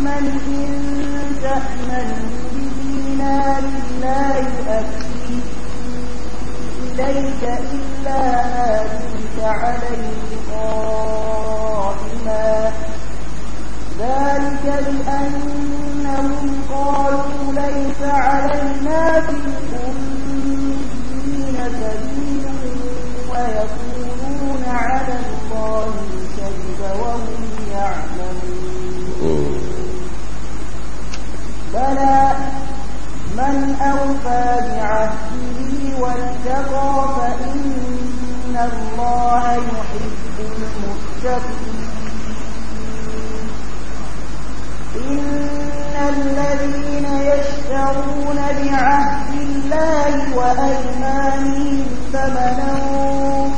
من إن تأمنه بدينار لا يؤديه إليك إلا ما دمت عليه قائما ذلك بأنهم قالوا ليس علينا في الأمين سبيل ويقولون على الله الكذب وهم يعلمون بلى من أوفى بعهده واتقى فإن الله يحب المتقين إن الذين يشترون بعهد الله وأيمانهم ثمنا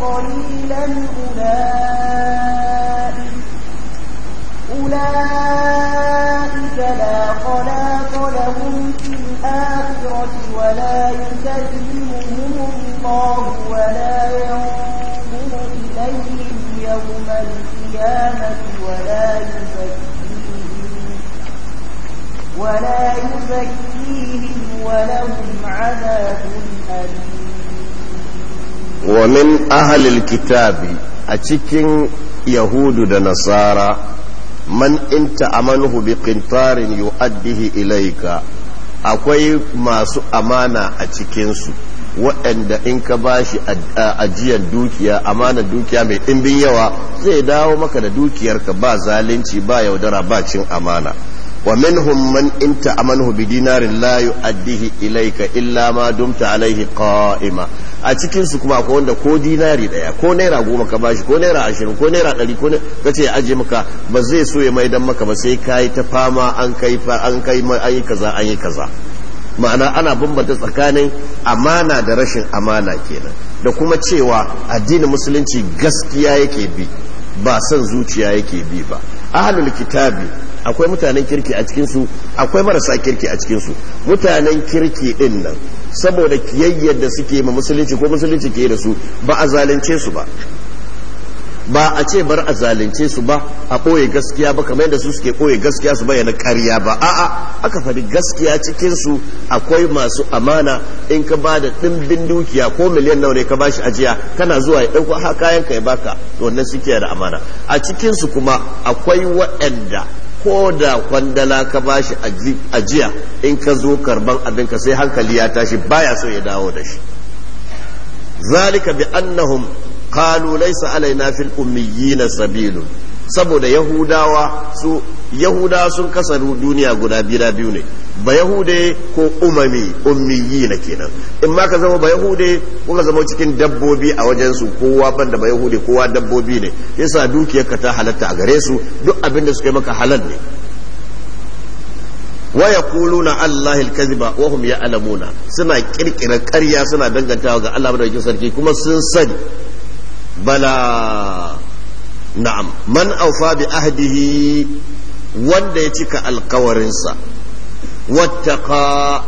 قليلا أولئك أولئك لا خلاق لهم في الآخرة ولا يكلمهم الله ولا ينظر إليهم يوم القيامة ولا يزكيهم ولا يزكيهم ولهم عذاب أليم ومن أهل الكتاب أتكن يهود ونصارى man in ta'amanuhu bi qintarin yu'addihi ilayka akwai masu amana a cikin su waɗanda in ka bashi ajiyar dukiya amana dukiya mai ɗimbin yawa zai dawo maka da dukiyarka ba zalunci ba yaudara ba cin amana wa minhum man in ta'amanuhu bi dinarin la yu'addihi ilayka illa ma dumta alaihi qa'ima a cikin su kuma akwai wanda ko dinari daya ko naira goma ka bashi ko naira ashirin ko naira ɗari ko ka ce aje maka ba zai so ya maidan maka ba sai ka ta fama an kai an kai an yi kaza an yi kaza ma'ana ana bambanta tsakanin amana da rashin amana kenan da kuma cewa addinin musulunci gaskiya yake bi ba son zuciya yake bi ba ahlul kitabi akwai mutanen kirki a cikinsu akwai marasa kirki a cikinsu mutanen kirki din nan saboda kiyayyar da suke ma musulunci ko musulunci ke da su ba a zalunce su ba ba a ce bar a zalunce su ba a ɓoye gaskiya ba kamar yadda su suke ɓoye gaskiya su bayyana ƙarya ba a'a aka faɗi gaskiya cikin su akwai masu amana in ka ba da ɗimbin dukiya ko miliyan nawa ne ka bashi ajiya kana zuwa ya ɗauko ha kayan ka ya baka wannan suke da amana a cikin su kuma akwai waɗanda ko da kwandala ka ba shi ajiya in ka zo karban abinka sai hankali ya tashi baya so ya dawo da shi zalika bi annahum qalu laysa alaina fil ummiyin sabilu saboda yahudawa su yahudawa sun kasaru duniya guda biyu ne ba yahude ko umami ummiyi na kenan in ma ka zama ba yahude ko ka zama cikin dabbobi a wajen su kowa da ba yahude kowa dabbobi ne yasa dukiyar ka ta halatta a gare su duk abin da suka maka halal ne wa yaquluna allahi alkaziba wa hum ya'lamuna suna kirkirar ƙarya suna dangantawa ga Allah madaukakin sarki kuma sun sani bala na'am man aufa bi ahdihi wanda ya cika alkawarinsa wattaqa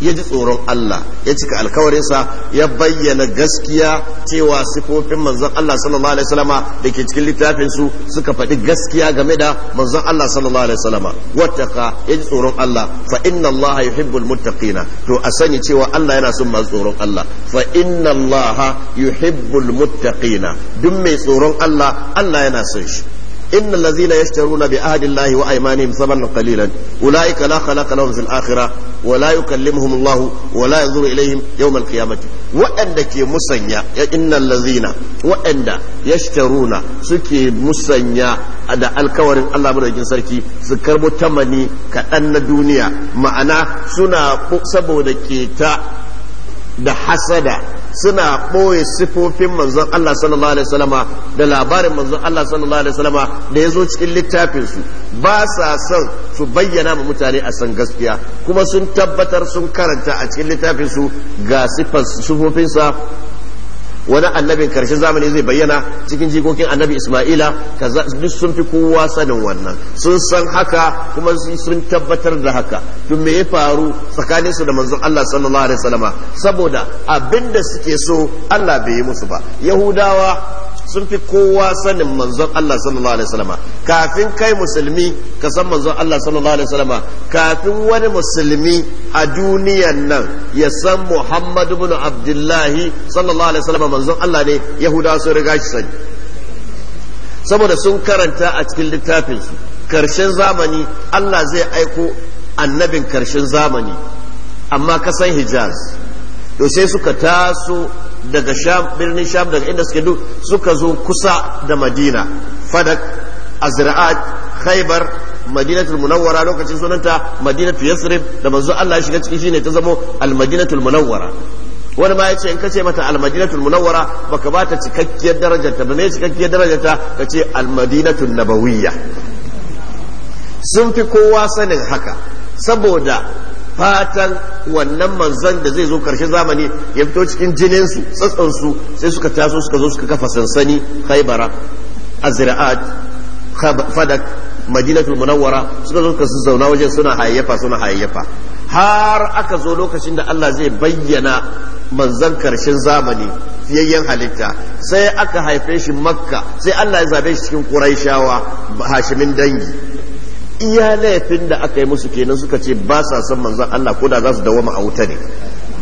ya ji tsoron Allah ya cika alkawarinsa ya bayyana gaskiya cewa sifofin manzon Allah sallallahu alaihi wasallama da ke cikin littafin su suka faɗi gaskiya game da manzon Allah sallallahu alaihi wasallama wattaka ya ji tsoron Allah fa inna Allah yuhibbul muttaqina to a sani cewa Allah yana son masu tsoron Allah fa inna Allah yuhibbul muttaqina duk mai tsoron Allah Allah yana son shi إن الذين يشترون بعهد الله وأيمانهم ثمنا قليلا أولئك لا خلاق لهم في الآخرة ولا يكلمهم الله ولا ينظر إليهم يوم القيامة وأنك مسنيا إن الذين وأن يشترون سكي مسنيا أدى الكورن الله من أجل سركي سكرب تمني كأن الدنيا معنا سنا سبو دكيتا da hasada suna ɓoye sifofin manzon Allah sallallahu alaihi wasallama da labarin manzon Allah sallallahu alaihi wasallama da ya zo cikin littafinsu ba sa son su bayyana ma mutane a san gaskiya kuma sun tabbatar sun karanta a cikin littafin ga sifofinsa wani annabin karshen zamani zai bayyana cikin jikokin annabi isma'ila duk sun fi kowa sanin wannan sun san haka kuma sun tabbatar da haka tun me ya faru tsakanin su da manzon Allah sallallahu alaihi wasallama saboda abinda suke so Allah bai yi musu ba yahudawa sun fi kowa sanin manzon Allah sallallahu alaihi wasallama kafin kai musulmi ka san manzon Allah sallallahu alaihi wasallama kafin wani musulmi a duniyan nan ya san Muhammadu ibn Abdullah sallallahu alaihi wasallama manzon Allah ne Yahuda sun riga shi sani saboda sun karanta a cikin littafinsu karshen zamani Allah zai aiko annabin karshen zamani amma kasan Hijaz to sai suka taso daga sham birnin sham daga inda suke duk suka zo kusa da madina fadak azra'at khaybar madinatul munawwara lokacin sunanta madinatu yasrib da manzo Allah ya shiga ciki shine ta zamo al madinatul munawwara wani ma ya ce in ka ce mata almadinatul munawwara baka bata cikakkiyar darajarta ba ne cikakkiyar darajata ka ce almadinatul nabawiyya sun fi kowa sanin haka saboda fatan wannan manzan da zai zo karshe zamani ya fito cikin jininsu tsatsansu sai suka taso suka zo suka kafa sansani haibara azra'at fadak madinatul munawwara suka zo suka zauna wajen suna hayayyafa suna hayayyafa har aka zo lokacin da Allah zai bayyana manzan karshen zamani fiyayyen halitta sai aka haife shi makka sai Allah ya zabe shi cikin quraishawa hashimin dangi iya laifin da aka yi musu kenan suka ce ba sa son manzon Allah ko da za su dawama a wuta ne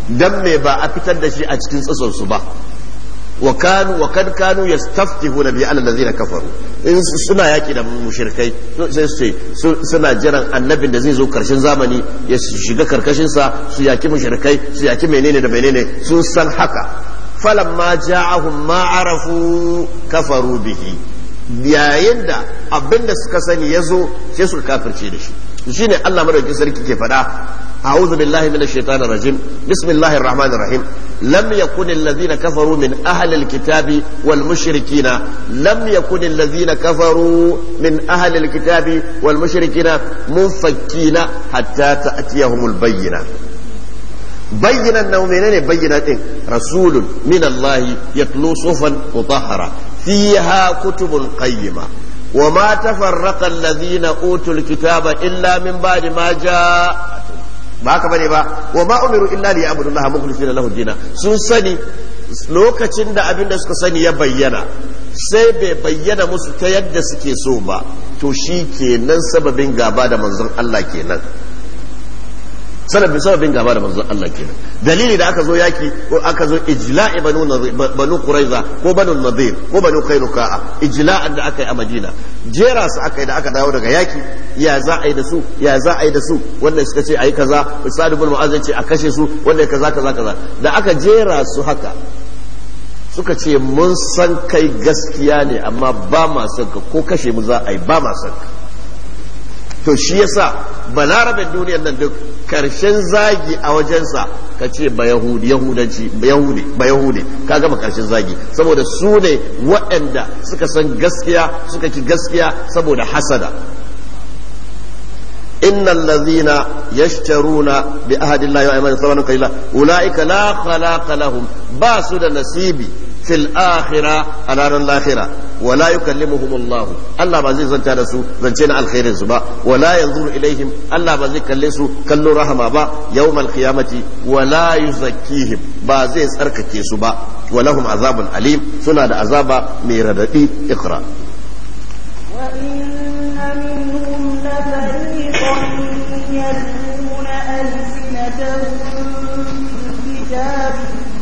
dan me ba a fitar da shi a cikin tsatson su ba wa kanu wa kad kanu yastaftihuna bi ala allazina kafaru in suna yaki da mushrikai sai su ce suna jiran annabin da zai zo karshen zamani ya shiga karkashin sa su yaki mushrikai su yaki menene da menene sun san haka falamma ja'ahum ma arafu kafaru bihi yayin da abin da suka sani ya zo sai su kafirce da shi shi ne Allah madaukin sarki ke faɗa a'udhu billahi minash shaitanir rajim bismillahir rahmanir rahim lam yakun alladhina kafaru min ahli alkitabi wal mushrikina lam yakun alladhina kafaru min ahli alkitabi wal mushrikina munfakkina hatta ta'tiyahumul bayyina bayyinan nan menene bayyana din rasulun min Allah yatlu sufan mutahhara فيها كتب قيمة وما تفرق الذين أوتوا الكتاب إلا من بعد ما جاء ba haka bane ba wa ma umiru illa li ya'budu Allah mukhlisina lahu dina sun sani lokacin da abin da suka sani ya bayyana sai bai bayyana musu ta yadda suke so ba to shi kenan sababin gaba da manzon Allah kenan sanabin sababin gaba da manzon Allah kenan dalili da aka zo yaki ko aka zo ijla'i banu kuraiza quraiza ko banu nadir ko banu nuka'a ijla'an da aka yi a madina jera su aka yi da aka dawo daga yaki ya za a yi da su ya za a yi da su wanda suka ce a yi kaza sa'ad ibn mu'az ya ce a kashe su wanda kaza kaza kaza da aka jera su haka suka ce mun san kai gaskiya ne amma ba ma san ka ko kashe mu za a yi ba ma san ka to shi yasa balaraben duniyar nan duk karshen zagi a wajensa ka ce ba yahudi ka gama karshen zagi saboda su ne waɗanda suka san gaskiya suka ki gaskiya saboda hasada inna allazina yashtaruna bi ahadi allahi wa amana sabana qalila ulaika la khalaqa lahum ba su da nasibi fil akhirah alaran akhirah wala yukallimuhum Allah Allah ba zai zanta da su zance na alkhairin su ba wala yanzuru ilaihim Allah ba zai kalle su kallon rahama ba yawmal qiyamati wala yuzakkihim ba zai tsarkake su ba walahum azabun alim suna da azaba mai radadi iqra وإن منهم لفريقا يلون ألسنتهم بالكتاب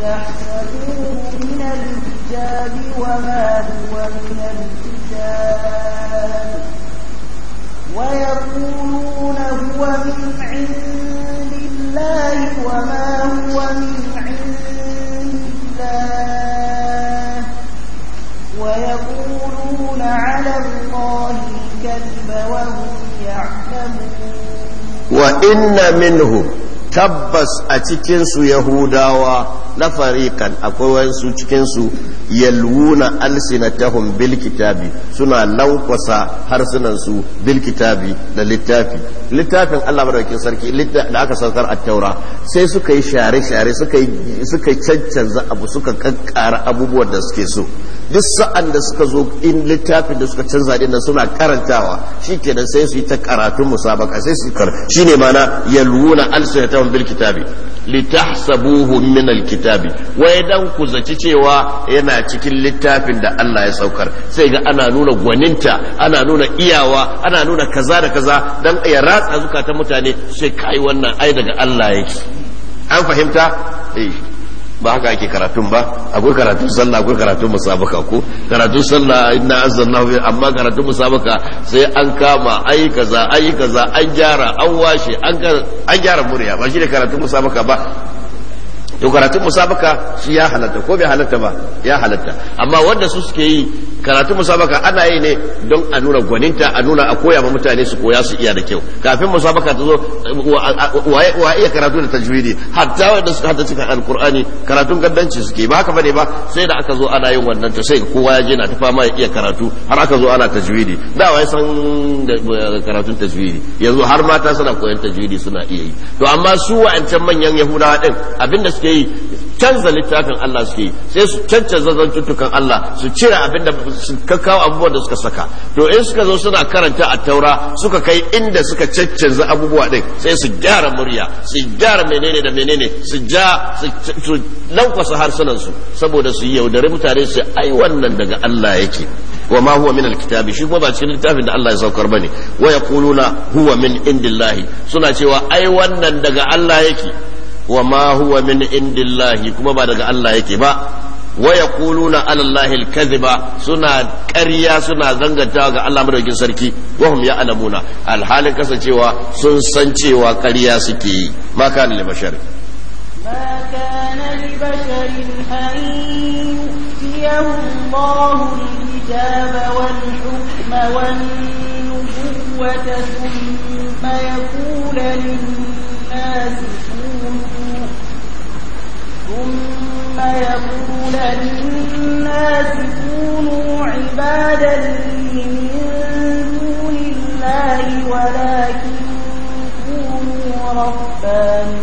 تحسبوه من الكتاب الكتاب وما هو من الكتاب ويقولون هو من عند الله وما هو من عند الله ويقولون على الله الكذب وهم يعلمون وإن منهم tabbas a cikinsu yahudawa na farikan akwai wasu cikinsu yalwuna alsinatahum bilkitabi suna lankwasa harsunansu bilkitabi da littafi littafin Allah madaukin sarki da aka saukar a taura sai suka yi share-share suka yi cancanza abu suka kankara abubuwan da suke so duk sa'an da suka zo in littafin da suka canza dinnan suna karantawa shi shikenan sai su yi ta karatun musabaka sai su kar ne mana yalwuna alsinatahum bil kitabi litahsabuhu min Minal kitabi wai dan ku zaci cewa yana cikin littafin da Allah ya saukar sai ga ana nuna gwaninta ana nuna iyawa ana nuna kaza da kaza dan ya ratsa ta mutane sai kai wannan ai daga Allah yake an fahimta eh ba haka ake karatun ba akwai karatun sallah akwai karatun musabaka ko karatu sallah inna azzalna fi amma karatun musabaka sai an kama ai kaza ai kaza an gyara an washe an gyara murya ba shi da karatun musabaka ba to karatun musabaka shi ya halatta ko bai halatta ba ya halatta amma wanda su suke yi karatun musabaka ana yi ne don a nuna gwaninta a nuna a koya ma mutane su koya su iya da kyau kafin musabaka ta zo wa iya karatu da tajwidi hatta wanda suka hada cikin alkur'ani karatun gaddanci suke ba haka bane ba sai da aka zo ana yin wannan to sai kowa ya je na ta fama ya iya karatu har aka zo ana tajwidi da wai san karatun tajwidi yanzu har mata suna koyan tajwidi suna iya yi to amma su wa'ancan manyan yahudawa din abinda suke suke yi canza littafin Allah suke yi sai su cancanza zantuttukan Allah su cire abinda su kakkawo abubuwan da suka saka to in suka zo suna karanta a taura suka kai inda suka cancanza abubuwa din sai su gyara murya su gyara menene da menene su ja su lankwasa harsunan su saboda su yaudari mutane su ai wannan daga Allah yake wa ma huwa min alkitabi shi kuma ba cikin littafin da Allah ya saukar bane wa yaquluna huwa min indillahi suna cewa ai wannan daga Allah yake wa ma huwa min indillahi kuma ba daga Allah yake ba wa yaquluna ala Allahi al suna ƙarya suna zangantawa ga Allah madaukin sarki wa hum ya'lamuna alhalin kasancewa sun san cewa ƙarya suke yi ma kana li bashar ما كان لبشر أن يؤتيه الله الكتاب والحكم والنبوة نبوة ثم يقول للناس كونوا ثم يقول للناس كونوا عبادا من دون الله ولكن كونوا ربانين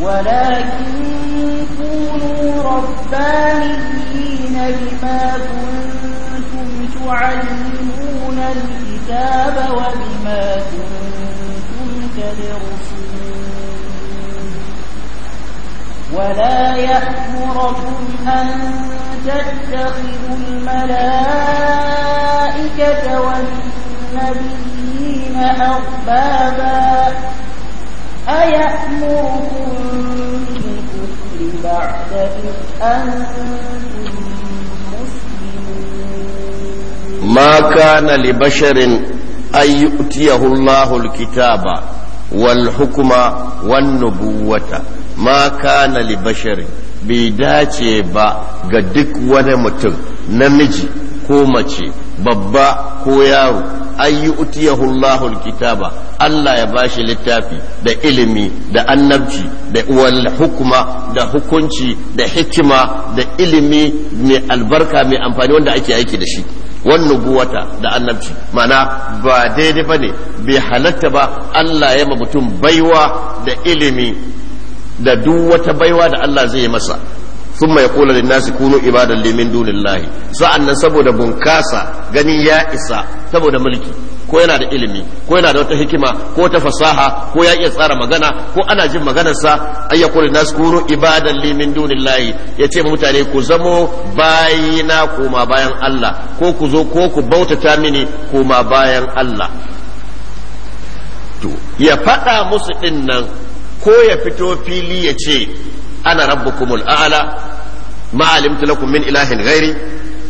ولكن كونوا ربانيين تعلمون الكتاب وبما كنتم تدرسون ولا يأمركم أن تتخذوا الملائكة والنبيين أربابا أيأمركم بالكفر بعد إذ أنتم ما كان لبشر أن يؤتيه الله الكتاب والحكم والنبوة ما كان لبشر بيداتي با قدك ونمتن نمجي ko mace babba ko yaro an yi utiyahu Allahul kitaba Allah ya bashi littafi da ilimi da annabci da wal hukuma da hukunci da hikima da ilimi mai albarka mai amfani wanda ake aiki da shi wan nubuwata da annabci mana ba daidai bane bai halatta ba Allah ya ma mutum baiwa da ilimi da duk wata baiwa da Allah zai masa ثم يقول للناس كونوا عبادا لي من دون الله sa'annan saboda bunkasa gani ya isa saboda mulki ko yana da ilimi ko yana da wata hikima ko ta fasaha ko ya iya tsara magana ko ana jin maganarsa ay yaqulu nas kunu ibadan li min dunillahi yace mutane ku zamo bayina ma bayan Allah ko ku zo ko ku bautata mini ma bayan Allah to ya faɗa musu ɗinnan ko ya fito fili yace ana rabbukumul a'la ma alimtu lakum min ilahin ghairi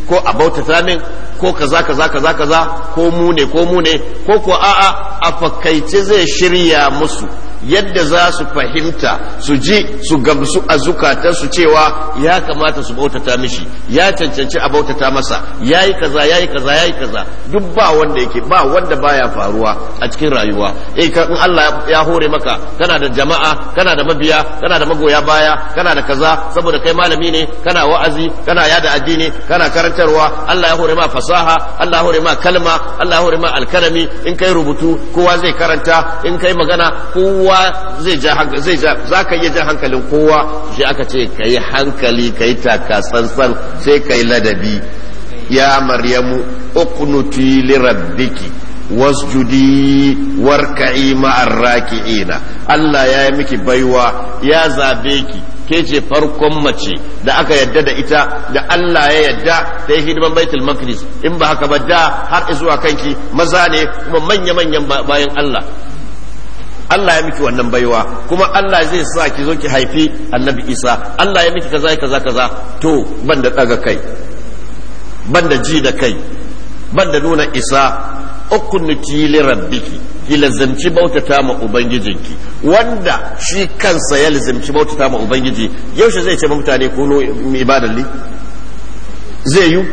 ko a bautata min ko kaza kaza kaza kaza ko mu ko mu ko ko a'a a fakaice zai shirya musu yadda za su fahimta su ji su gamsu a zukatan su cewa ya kamata su bautata mishi ya cancanci a bautata masa ya yi kaza ya yi kaza ya yi kaza duk ba wanda yake ba wanda baya faruwa a cikin rayuwa eh ka in Allah ya hore maka kana da jama'a kana da mabiya kana da magoya baya kana da kaza saboda kai malami ne kana wa'azi kana yada addini kana karantarwa Allah ya hore ma fasaha Allah ya hore ma kalma Allah ya hore ma alkalami in kai rubutu kowa zai karanta in kai magana kowa kowa zai ja zai ja za ka iya jan hankalin kowa shi aka ce ka yi hankali ka yi takasansan sai ka yi ladabi ya maryamu uknuti li rabbiki wasjudi warka'i ma'ar raki'ina Allah ya yi miki baiwa ya zabe ki ke ce farkon mace da aka yadda da ita da Allah ya yadda da yi hidiman baitul maqdis in ba haka ba da har zuwa kanki maza ne kuma manya-manyan bayan Allah Allah ya miki wannan baiwa kuma Allah zai sa ki zo ki haifi annabi Isa Allah ya miki kaza kaza kaza to ban da daga kai ban da ji da kai ban da nuna isa ukunuti li rabbiki ki lazimci ta ma ubangijinki wanda shi kansa ya lazimci ta ma ubangiji yaushe zai ce mutane kuno ibadalli zai yi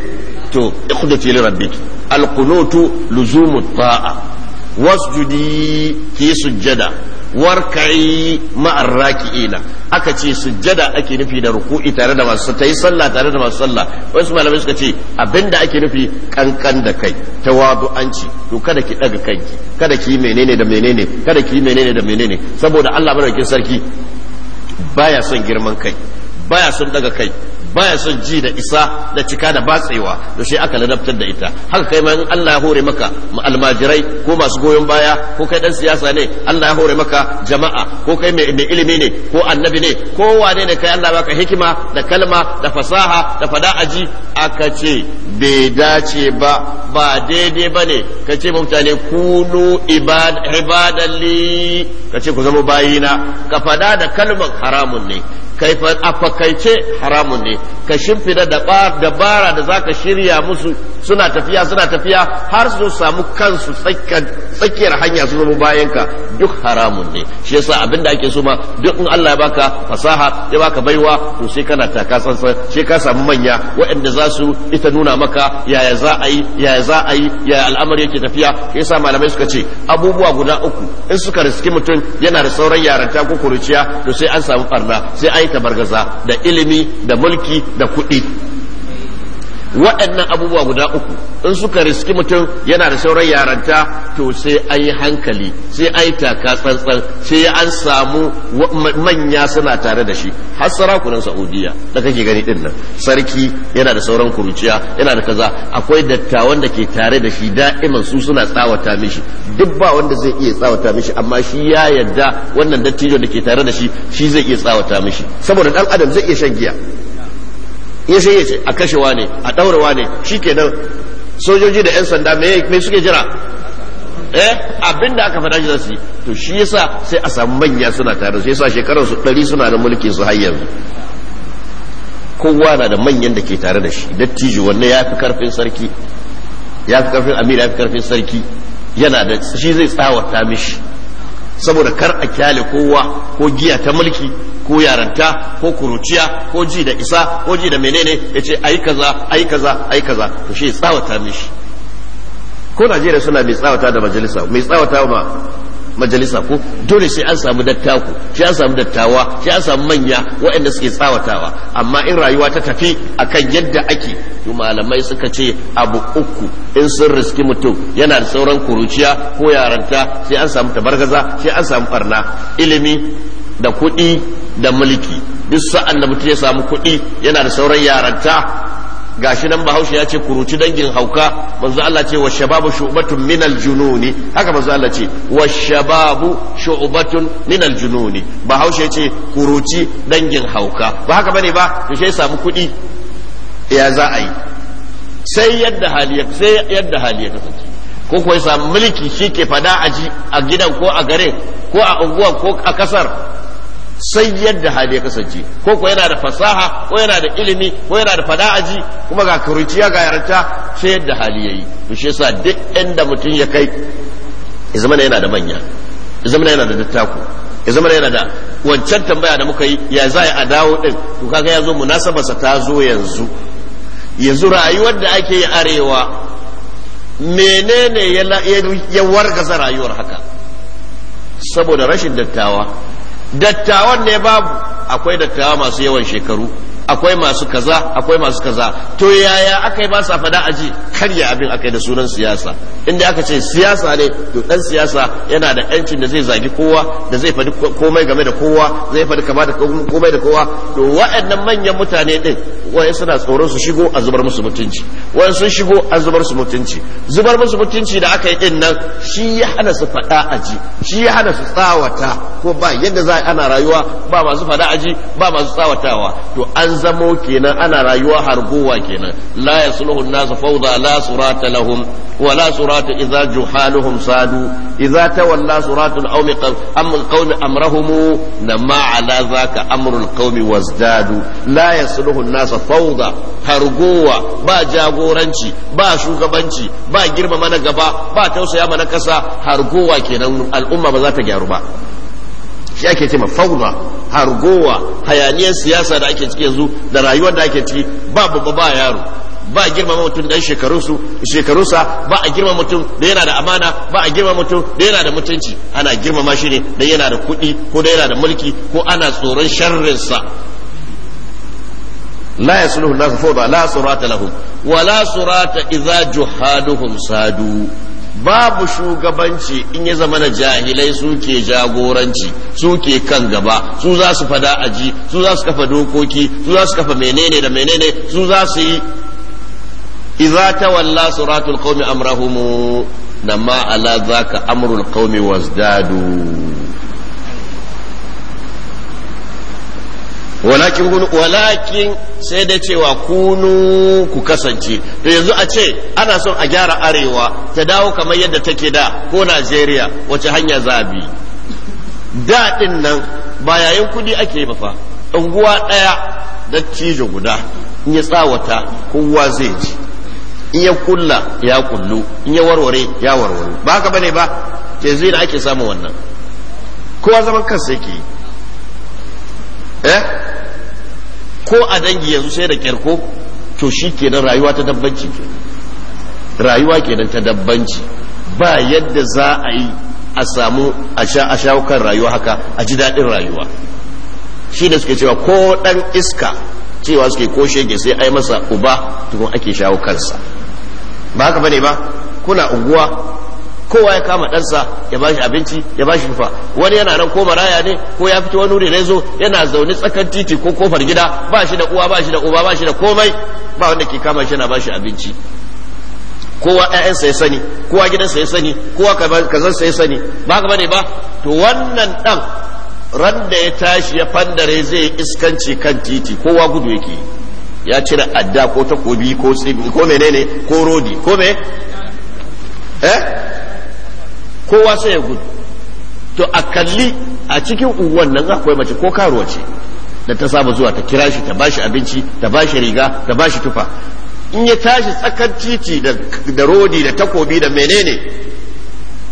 to ikunuti li rabbiki alqunutu luzumut ta'a wasjudi ki sujjada warka'i ma'ar raki'ina aka ce sujjada ake nufi da ruku'i tare da masu ta yi sallah tare da masu sallah wasu malamai suka ce abinda ake nufi kankan da kai tawadu'anci to kada ki daga kanki kada ki menene da menene kada ki menene da menene saboda Allah madaukakin sarki baya son girman kai baya son daga kai baya son ji da isa da cika da batsewa da shi aka ladabtar da ita haka kai ma in Allah ya hore maka almajirai ko masu goyon baya ko kai dan siyasa ne Allah ya hore maka jama'a ko kai mai ilimi ne ko annabi ne ko wane ne kai Allah baka hikima da kalma da fasaha da fada aji aka ce bai dace ba ba daidai ba ne ka ce mutane kunu ibadalli ka ce ku zama bayina ka fada da kalmar haramun ne kai fa a fakaice haramun ne ka shimfida dabara da zaka shirya musu suna tafiya suna tafiya har su samu kansu tsakiyar hanya su zama bayan ka duk haramun ne shi yasa abinda ake so ma duk in Allah ya baka fasaha ya baka baiwa to sai kana taka sansa sai ka samu manya waɗanda za su ita nuna maka yaya za a yi yaya za a yi yaya al'amari yake tafiya shi yasa malamai suka ce abubuwa guda uku in suka riski mutum yana da sauran yaranta ko kuruciya to sai an samu barna sai ai gaza da ilimi da mulki da kuɗi waɗannan abubuwa guda uku in suka riski mutum yana da sauran yaranta to sai an yi hankali sai an yi taka tsantsan sai an samu manya suna tare da shi har sarakunan Sa'udiyya da kake gani din nan sarki yana da sauran kuruciya yana da kaza akwai dattawan da ke tare da shi da'iman su suna tsawata mishi duk ba wanda zai iya tsawata mishi amma shi ya yarda wannan dattijo da ke tare da shi shi zai iya tsawata mishi saboda dan adam zai iya shan giya ya sai ya ce a kashewa ne a ɗaurawa ne shi nan sojoji da 'yan sanda mai suke jira eh abin da aka faɗa shi za yi to shi yasa sai a samu manya suna tare su yasa shekarar su ɗari suna da mulki su har yanzu kowa na da manyan da ke tare da shi dattijo wannan ya fi karfin sarki ya fi karfin amir ya fi karfin sarki yana da shi zai tsawata mishi saboda kar a kyale kowa ko giya ta mulki ko yaranta ko kuruciya ko ji da isa ko ji da menene ya ce ai kaza ai kaza ai kaza to shi tsawata mishi ko najeriya suna mai tsawata da majalisa mai tsawata ma majalisa ko dole sai an samu dattaku sai an samu dattawa sai an samu manya waɗanda suke tsawatawa amma in rayuwa ta tafi akan yadda ake to malamai suka ce abu uku in sun riski mutum yana da sauran kuruciya ko yaranta sai an samu tabargaza sai an samu barna ilimi da kuɗi da mulki duk sa'an da mutum ya samu kuɗi yana da sauran yaranta gashi nan bahaushe ya ce kuruci dangin hauka manzo Allah ce wa shababu shu'batun min jununi haka manzo Allah ce wa shababu shu'batun min al-jununi bahaushe ya ce kuruci dangin hauka ba haka bane ba to sai samu kuɗi ya za a yi sai yadda hali ya sai yadda hali ya kasance ko kuwa samu mulki shi ke fada a gidan ko a gare ko a unguwa ko a kasar sai yadda hali ya kasance ko ko yana da fasaha ko yana da ilimi ko yana da fada'aji kuma ga kuruciya ga yarta sai yadda hali yayi to shi yasa duk inda mutum ya kai ya yana da manya ya yana da dattako ya yana da wancan tambaya da muka yi ya za a dawo din to kaga ya zo munasabarsa ta zo yanzu yanzu rayuwar da ake yi arewa menene ya wargaza rayuwar haka saboda rashin dattawa dattawan ne babu akwai dattawa masu yawan shekaru akwai masu kaza akwai masu kaza to yaya aka yi ba su fada aji karya abin aka da sunan siyasa inda aka ce siyasa ne to dan siyasa yana da yancin da zai zagi kowa da zai fadi komai game da kowa zai fadi kama da komai da kowa to waɗannan manyan mutane din wai suna tsoron su shigo a zubar musu mutunci wai sun shigo a zubar su mutunci zubar musu mutunci da aka yi din nan shi ya hana su fada aji shi ya hana su tsawata ko ba yadda za ana rayuwa ba masu fada aji ba masu tsawatawa to an zamo kenan ana rayuwa harguwa kenan la yasluhu an-nasu fawda la surata lahum wa la surata idza juhaluhum sadu idza tawalla suratul awmi amul qawmi amrahum lamma ala zaka amrul qawmi wazdadu la yasluhu an-nasu fawda harguwa ba jagoranci ba shugabanci ba girmama na gaba ba tausaya mana kasa harguwa kenan al'umma ba za ta gyaru ba shi ake ce ma fauna hargowa hayaniyar siyasa da ake ciki yanzu da rayuwar da ake ciki ba babba ba yaro ba a girmama mutum da shekarunsu shekarunsa ba a girmama mutum da yana da amana ba a girmama mutum da yana da mutunci ana girmama shi ne da yana da kuɗi ko da yana da mulki ko ana tsoron sharrinsa لا يصلح الناس فوضى لا صراط لهم ولا صراط إذا سادوا babu shugabanci in ya zama na jahilai suke jagoranci suke kan gaba su za su fada aji su za su kafa dokoki su za su kafa menene da menene su za su yi ta tawalla suratul qaumi amrahum namma ala zaka amrul qaumi wazdadu walakin kunu walakin sai da cewa kunu ku kasance to yanzu a ce ana son a gyara arewa ta dawo kamar yadda take da ko Najeriya wace hanya za a bi da nan ba yayin kudi ake ba fa unguwa daya da guda in ya tsawata kowa zai ji in ya kulla ya kullu in ya warware ya warware ba haka bane ba ke zai da ake samun wannan kowa zaman kansa yake eh ko a dangi yanzu sai da kyarko to shi kenan rayuwa ta dabbanci ke. rayuwa kenan ta dabbanci ba yadda za a yi a samu a shawo kan rayuwa haka a ji daɗin rayuwa shi ne suke cewa ko ɗan iska cewa suke ko shege sai ai masa uba tukun ake shawo kansa ba haka bane ba kuna unguwa kowa ya kama ɗansa ya bashi abinci ya bashi rufa wani yana nan ko maraya ne ko ya fito wani wuri zo yana zaune tsakan titi ko kofar gida ba shi da uwa ba shi da uba ba shi da komai ba wanda ke kama shi yana bashi abinci kowa ƴaƴansa ya sani kowa gidansa ya sani kowa kazansa ya sani ba ka bane ba to wannan ɗan ran da ya tashi ya fandare zai iskanci kan titi kowa gudu yake ya cire adda ko takobi ko tsibi ko menene ko rodi ko me eh kowa sai ya gudu to a kalli a cikin unguwan nan akwai mace ko karuwa ce da ta saba zuwa ta kira shi ta bashi abinci ta bashi riga ta bashi tufa in ya tashi tsakar titi da rodi da takobi da menene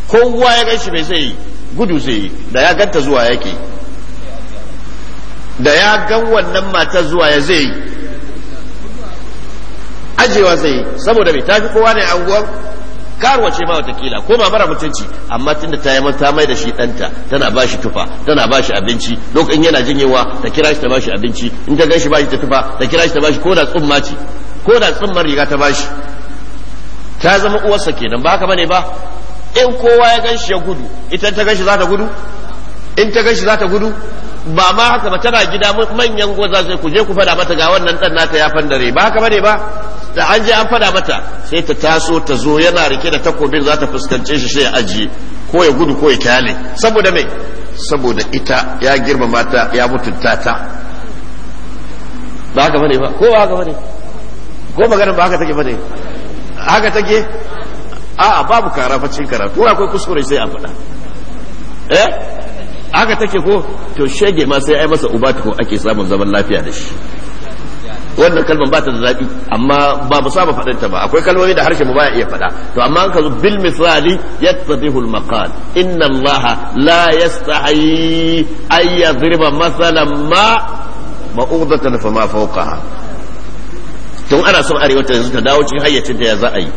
kowa ya ganshi mai sai gudu sai yi da ya ganta zuwa yake da ya gan wannan matar zuwa ya zai yi ajewa zai yi saboda mai tafi kowa ne anguwan karwace ce ma watakila ko ba mara mutunci amma tunda ta yi mata mai da shi ɗanta tana ba shi tufa tana ba shi abinci lokacin yana jinyewa ta kira shi ta ba shi abinci in ta gan shi ba shi ta tufa ta kira shi ta ba shi ko da tsumma ce ko da tsummar riga ta ba shi ta zama uwarsa kenan ba haka bane ba in kowa ya gan shi ya gudu ita ta gan shi za ta gudu in ta gan shi za ta gudu ba ma haka ba tana gida manyan goza sai ku je ku fada mata ga wannan dan nata ya fandare ba haka bane ba da an je an fada mata sai ta taso ta zo yana rike da takobin za ta fuskance shi sai ya ajiye ko ya gudu ko ya kyale saboda me saboda ita ya girma mata ya mutunta ta ba haka bane ba ko ba haka bane ko maganar ba haka take bane haka take a'a babu karafacin karatu akwai kuskure sai a faɗa eh aka take ko to shege ma sai ai masa uba ko ake samun zaman lafiya da shi wannan kalmar ba ta da zaɓi amma ba mu saba faɗin ta ba akwai kalmomi da harshe mu ba ya iya faɗa to amma an ka zo bil misali yattadihul maqal inna Allah la yastahi ay yadhriba masalan ma ma'udatan fa ma fawqaha tun ana son arewa ta yanzu ta dawo cikin hayyacin ta ya za a yi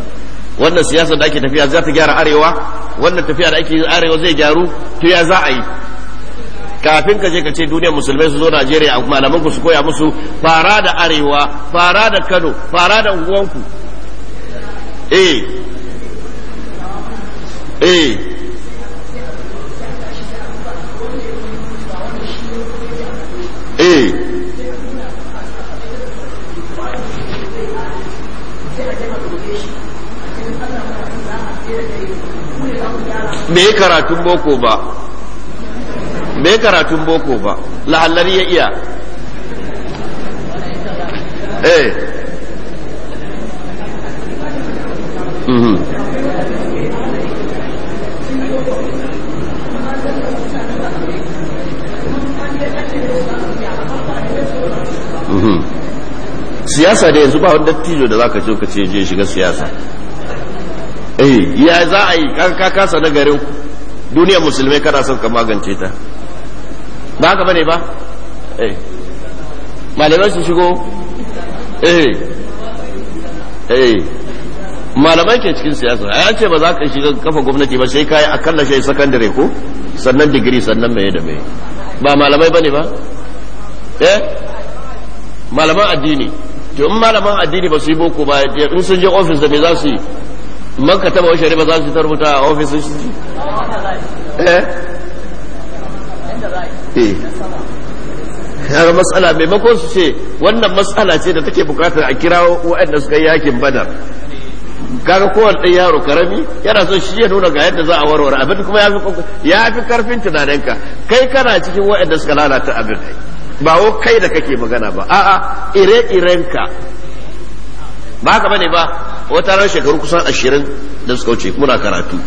wannan siyasar da ake tafiya za ta gyara arewa wannan tafiya da ake arewa zai gyaru to ya za a yi kafin ka je ka ce duniyar musulmai su zo Najeriya malaman ku su koya musu fara da arewa fara da Kano fara da unguwanku eh eh eh me karatun boko ba bai karatun boko ba lahallari ya iya eh mhm. Mhm. siyasa da yanzu ba wani dattijo da zaka ce ka ce je shiga siyasa eh ya za a yi kasa na garin duniya musulmai kana son ka magance ta ba haka bane ba eh malamai su shigo eh eh malamai ke cikin siyasa a yace ba za ka shiga kafa gwamnati ba sai kayi akalla shi secondary ko sannan digiri sannan mai da mai ba malamai bane ba eh malaman addini to in malaman addini ba su yi boko ba in sun je ofis da me za su yi man ka taba wa shari'a ba za su tarbuta a ofis eh eh ga matsala maimakon su ce wannan matsala ce da take bukatar a kirawo waɗanda suka yi yakin badar kaga kowane ɗan yaro karami yana son shi ya nuna ga yadda za a warware abin kuma ya fi karfin tunaninka kai kana cikin waɗanda suka lalata abin ba wo kai da kake magana ba a'a ire-irenka ba haka bane ba wata ran shekaru kusan ashirin da suka wuce muna karatu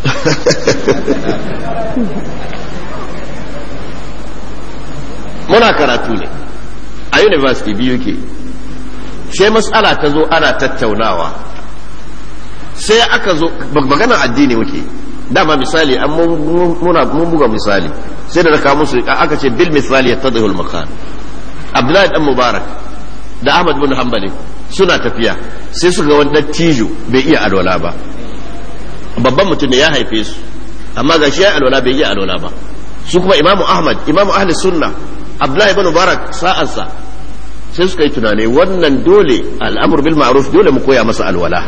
muna karatu ne a university biyu ke sai matsala ta zo ana tattaunawa sai aka zo maganar addini muke dama misali an muna mun buga misali sai da raka musu aka ce bil misali ya tadahu hul makan abdullahi dan mubarak da ahmad bin hanbali suna tafiya sai su ga wani dattijo bai iya alwala ba babban mutum ne ya haife su amma shi ya alwala bai iya alwala ba su kuma imamu ahmad imamu ahli sunna abdullahi ibn mubarak sa'ansa sai suka yi tunani wannan dole al'amur bil ma'ruf dole mu koya masa alwala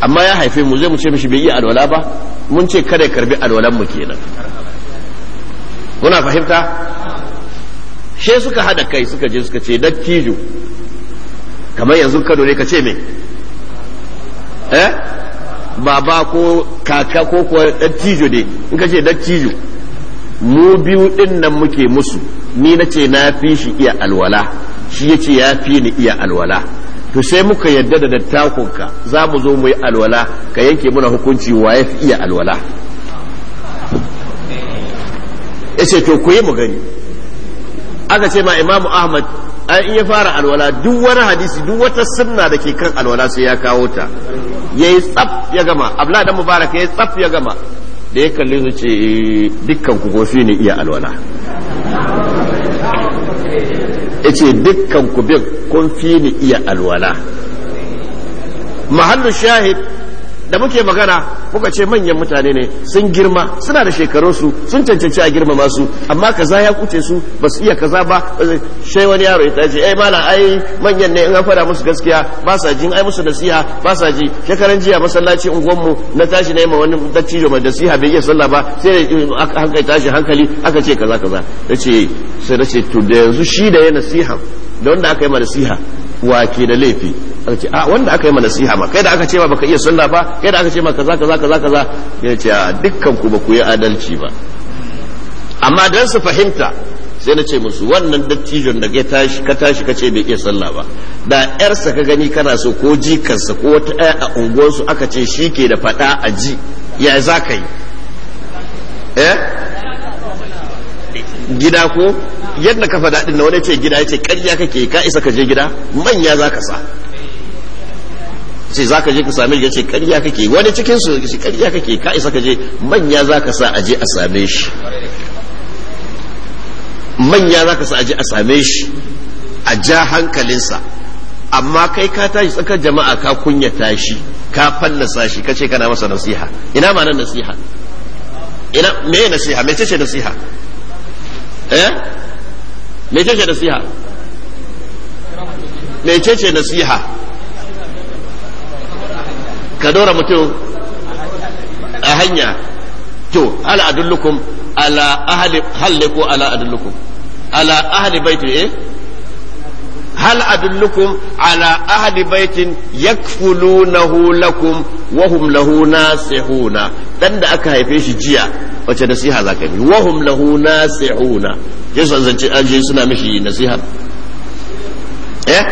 amma ya haife mu zai mu ce mishi bai yi alwala ba mun ce kada ya karbi alwalan mu kenan kuna fahimta she suka hada kai suka je suka ce dattijo kamar yanzu kano ne ka ce me eh baba ko kaka ko kuwa dattijo ne in ka ce dattijo mu biyu din nan muke musu ni na ce na fi shi iya alwala shi ya ce ya fi ni iya alwala to sai muka yadda da dattakunka za mu zo mu yi alwala ka yanke muna hukunci wa ya fi iya alwala ya ce to ku yi mu gani aka ce ma imamu ahmad an iya fara alwala duk wani hadisi duk wata sunna da ke kan alwala sai ya kawo ta ya yi tsaf ya gama abla da mubarak ya yi tsaf ya gama da ya kalli su ce eh, dukkan ku ne iya alwala yace dukkan ku bin kun fi ni iya alwala mahallu shahid da muke magana muka ce manyan mutane ne sun girma suna da su sun cancanci a girmama su amma kaza ya kuce su ba su iya kaza ba sai wani yaro ya ce eh, ai mala ai manyan ne in an fara musu gaskiya ba sa jin ai musu nasiha ba sa ji shekaran jiya masallaci unguwan mu na tashi na ma wani dattijo mai nasiha bai iya sallah ba sai da hankali tashi hankali aka ce kaza kaza yace sai ce to da yanzu shi da ya nasiha da wanda aka yi ma nasiha wa ke da laifi ce a wanda aka yi ma nasiha ma kai da aka ce ma baka iya sunna ba kai da aka ce ma kaza kaza kaza kaza ya ce a dukkan ku ba ku yi adalci ba amma dan su fahimta sai na ce musu wannan dattijon da tashi ka tashi ka ce bai iya sallah ba da yarsa ka gani kana so ko jikansa ko wata ɗaya a unguwarsu aka ce shi ke da faɗa a ji ya za ka yi eh gida ko yadda ka faɗa na wani ce gida ya ce ƙarya kake ka isa ka je gida manya za ka sa sai za ka je ka same ya ce karya kake wani cikin su ya ce karya kake ka isa ka je manya za ka sa aje a same shi manya za ka sa aje a same shi a ja hankalinsa amma kai ka tashi tsakar jama'a ka kunya tashi ka fallasa shi ka ce kana masa nasiha ina ma nan nasiha ina me nasiha me ce nasiha eh me ce nasiha me ce nasiha ka dora mutum a hanya to ala adullukum ala ahli halli ko ala adullukum ala ahli baiti eh hal adullukum ala ahli baitin yakfulunahu lakum wa hum lahu nasihuna dan da aka haife shi jiya wace nasiha zaka yi wa hum lahu nasihuna yesu zance aje suna mishi nasiha eh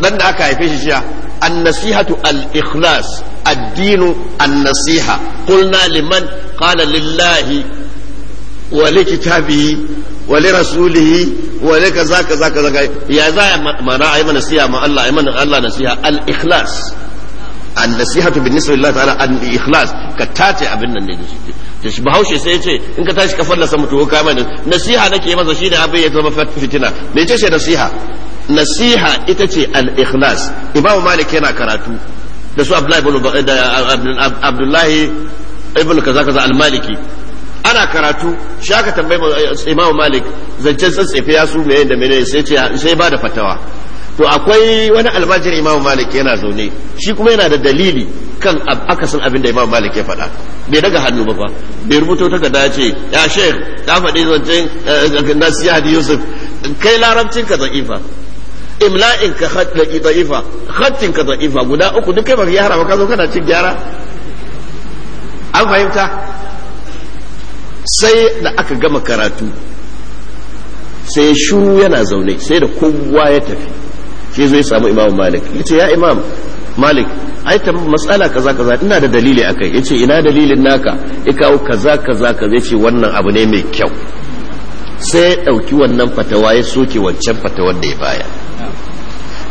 dan da aka haife shi jiya النصيحة الإخلاص الدين النصيحة قلنا لمن قال لله ولكتابه ولرسوله ولكذا كذا كذا يا ذا ما رأى من نصيحة ما الله من الله نصيحة الإخلاص النصيحة بالنسبة لله تعالى الإخلاص كتاتي أبنا نجي da shi bahaushe sai ya ce in ka tashi ka fallasa mutu ka mai nasiha nake masa ne abin ya zama fitina me ce ce nasiha nasiha ita ce al-ikhlas imamu malik yana karatu da su abdullahi ibn abdullahi ibn kaza kaza al-maliki ana karatu aka tambayi eh, imamu malik zancen tsatsefe ya su me da menene sai ce sai ba da fatawa to akwai wani almajirin imam malik yana zaune shi kuma yana da dalili kan akasin abin da imam malik ya faɗa bai daga hannu ba fa bai rubuto ta gada ce ya sheikh ta faɗi zancen eh, nasiya hadi yusuf kai larabcin ka za'ifa imla'in ka za'ifa khattin ka za'ifa guda uku duk kai ba ya harama ka zo kana cin gyara an fahimta sai da aka gama karatu sai shuru yana zaune sai da kowa ya tafi shi zai samu imam malik yace ya imam malik ai ta matsala kaza kaza ina da dalili akai yace ina dalilin naka ya kawo kaza kaza kaza yace wannan abu ne mai kyau sai ya dauki wannan fatawa ya soke wancan fatawar da ya baya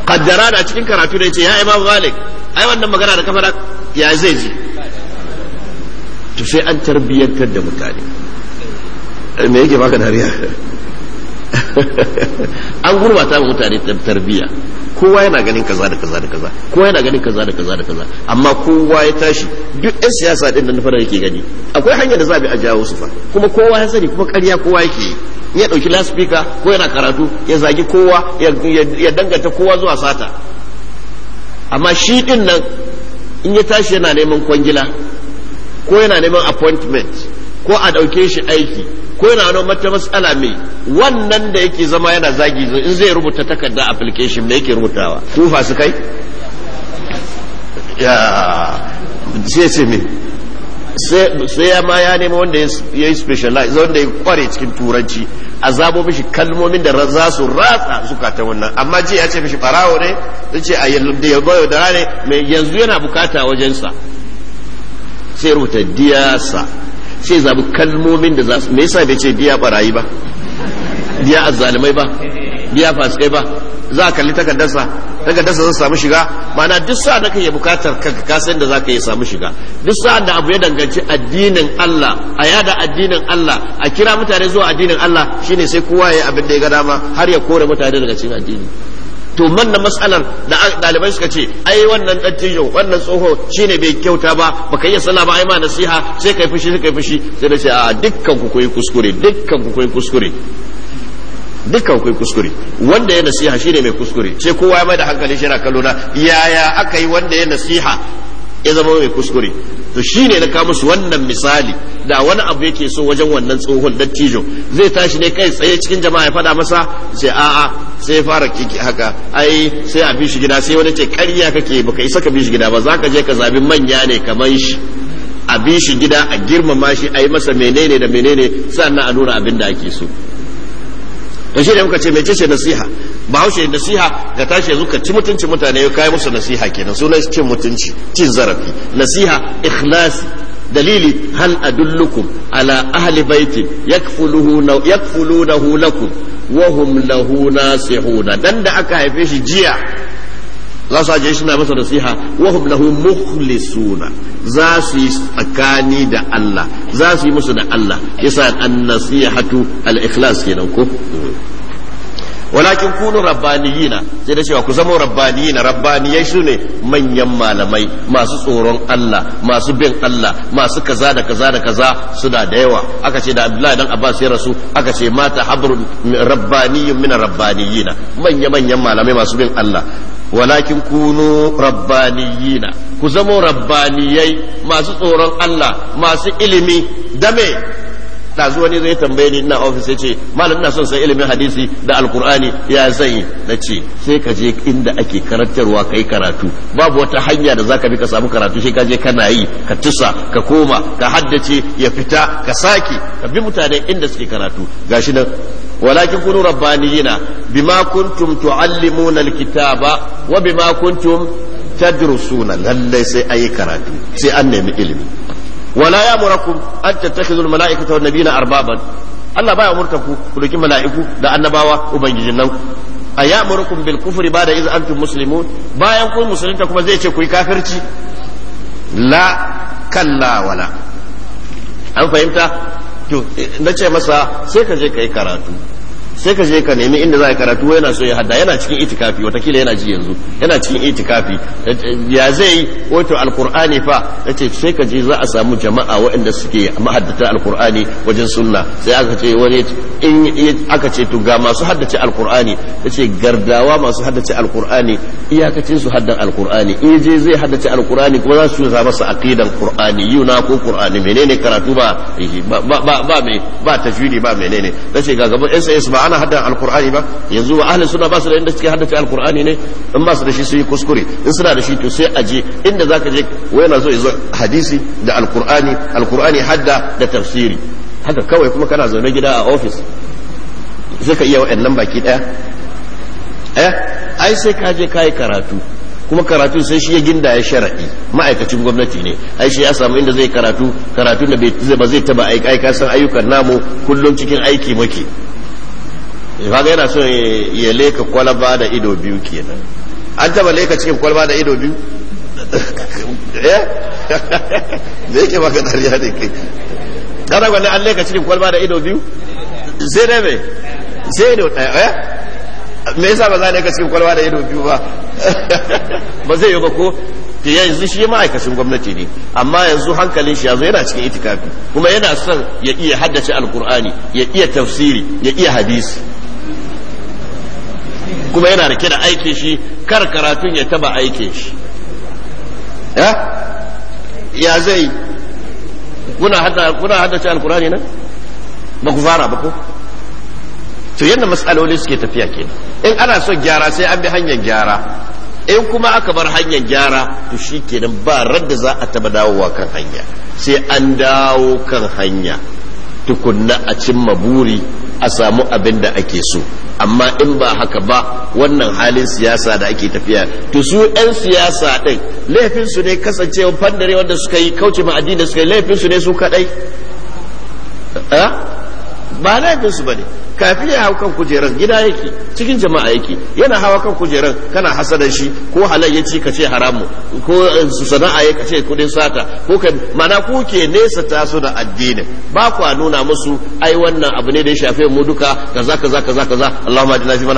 kaddara da cikin karatu da yace ya imam malik ai wannan magana da kafara ya zai ji to sai an tarbiyyantar da mutane me yake baka dariya an gurbata wa mutane tarbiyya kowa yana ganin kaza da kaza da kaza kowa yana ganin kaza da kaza da kaza amma kowa ya tashi duk ɗan siyasa ɗin da na fara yake gani akwai hanyar da za a jawo su fa kuma kowa ya sani kuma ƙarya kowa yake yi ya ɗauki laspika ko yana karatu ya zagi kowa ya danganta kowa zuwa sata amma shi ɗin nan in ya tashi yana neman kwangila ko yana neman appointment ko a ɗauke shi aiki ko yana wani mata matsala mai wannan da yake zama yana zagi in zai rubuta takardar application da yake rubutawa tufa su kai sai ce me sai ya ma ya nema wanda ya yi specialize wanda ya kware cikin turanci a zabo mishi kalmomin da za su ratsa kata wannan amma ji ya ce mishi farawo ne zai ce a da goyo da rane mai yanzu yana bukata wajensa sai rubuta diyasa sai zabi kalmomin da za su me yasa bai ce biya barayi ba biya azzalimai ba biya fasikai ba za a kalli takardarsa takardarsa zan samu shiga ma'ana duk sa da kai bukatar ka san da ka yi samu shiga duk sa da abu ya danganci addinin Allah a yada addinin Allah a kira mutane zuwa addinin Allah shine sai kowa ya abin da ya ga dama har ya kore mutane daga cikin addini to manna matsalar da ɗalibai suka ce ai wannan dan tijo wannan tsoho shine bai kyauta ba baka iya sallah ba ai ma nasiha sai kai fushi sai kai fushi sai da ce a dukkan ku koyi kuskure dukkan ku koyi kuskure dukkan kai kuskure wanda ya nasiha shine mai kuskure ce kowa ya mai da hankali shi na kallona yaya aka yi wanda ya nasiha ya zama mai kuskure to shine na kawo musu wannan misali da wani abu yake so wajen wannan tsohon dattijo zai tashi ne kai tsaye cikin jama'a ya fada masa sai a'a sai fara kiki haka ai sai a bi shi gida sai wani ce karya kake baka isa ka bi shi gida ba zaka je ka zabi manya ne kamar shi a bi shi gida a girmama shi a yi masa menene da menene sannan a nuna abin da ake so to shi ne muka ce mece ce nasiha bahaushe nasiha ga tashi yanzu ka ci mutunci mutane ya kai musu nasiha kenan sunan cin mutunci cin zarafi nasiha ikhlasi dalili hal adullukum ala ahli baiti yakfulunahu lakum wa hum lahu nasihuna dan da aka haife shi jiya za su ajiye shi na masa nasiha wa hum lahu mukhlisuna za su yi tsakani da Allah za su yi musu da Allah yasa an nasihatu al ikhlas kenan ko walakin kunu rabbaniyina sai da cewa ku zama rabbaniyina rabbaniyai su ne manyan malamai masu tsoron Allah masu bin Allah masu kaza da kaza da kaza suna da yawa aka ce da Abdullahi dan Abbas ya rasu aka ce mata habrun rabbaniyyun min rabbaniyina manya manyan malamai masu bin Allah walakin kunu rabbaniyina ku zama rabbaniyai masu tsoron Allah masu ilimi da me da zuwa ne zai tambaye ni ina ofis ya ce malam ina son san ilimin hadisi da alkur'ani ya zai na ce sai ka je inda ake karantarwa ka karatu babu wata hanya da zaka bi ka samu karatu sai ka je kana yi ka tusa ka koma ka haddace ya fita ka sake ka bi mutane inda suke karatu gashi nan walakin kunu rabbaniyina bima kuntum tuallimuna alkitaba wa bima kuntum tadrusuna lallai sai ayi karatu sai an nemi ilimi wala ya'murakum an tattakhidul mala'ikata wan nabiyina arbaban Allah baya umurta ku ku mala'iku da annabawa ubangijin nan a ya'murukum bil kufuri ba'da iz antum muslimun bayan ku musulunta kuma zai ce ku yi kafirci la kalla wala an fahimta to na ce masa sai ka je ka yi karatu sai ka je ka nemi inda za ka karatu yana so ya hada yana cikin itikafi watakila yana ji yanzu yana cikin itikafi ya zai wato alkur'ani fa ce sai ka je za a samu jama'a waɗanda suke mahaddata alkur'ani wajen sunna sai aka ce wani in aka ce to ga masu haddace alkur'ani yace gardawa masu haddace alkur'ani iyakacin su haddan alkur'ani in je zai haddace alkur'ani kuma za su za masa aqidan qur'ani yuna ko qur'ani menene karatu ba ba ba ba ba tafsiri ba menene tace ga gaban SAS ba ana hadda alkur'ani ba yanzu wa ahli sunna ba su da inda suke haddace alkur'ani ne in ba su da shi su yi kuskure in suna da shi to sai a je inda zaka je wai yana zo yazo hadisi da alkur'ani alqur'ani hadda da tafsiri haka kawai kuma kana zaune gida a office sai ka iya wa'annan baki daya eh ai sai ka je kai karatu kuma karatu sai shi ya ginda ya sharaɗi ma'aikacin gwamnati ne ai shi ya samu inda zai karatu karatu da ba zai taba aika san ayyukan namu kullum cikin aiki muke Eh, kaga yana so ya leka kwalaba da ido biyu kenan an taba leka cikin kwalaba da ido biyu eh da yake baka dariya da kai kada gwani an leka cikin kwalaba da ido biyu sai dai mai sai ido ɗaya eh? me yasa ba za a leka cikin kwalaba da ido biyu ba ba zai yi ba ko to yanzu shi ma'aikacin gwamnati ne amma yanzu hankalin shi yazo yana cikin itikafi kuma yana son ya iya haddace alkur'ani ya iya tafsiri ya iya hadisi kuma yana rike da aiki shi kar karatun ya taba aike shi ya zai kuna hada kuna haddace alkurani nan ba ku fara ba ko to yadda matsaloli suke tafiya ke in ana son gyara sai an bi hanyar gyara in kuma aka bar hanyar gyara to shi kenan ba radda za a taba dawowa kan hanya sai an dawo kan hanya tukunna a cimma buri a samu abin da ake so amma in ba haka ba wannan halin siyasa da ake tafiya to su 'yan siyasa ɗin laifinsu ne kasancewa fandare wanda suka yi kauce ma'adi da suka yi laifinsu ne su kaɗai eh? ba laifinsu ba ne kafin ya hau kan kujeran gida yake cikin jama'a yake yana hawa kan kujeran kana hasadan shi ko halal ya ka kace haramu ko eh, sana'a ya ce kudin sata ko kai mana ku ke nesa taso da addinin ba ku nuna musu ai wannan abu ne da ya shafe mu duka kaza kaza kaza kaza fi man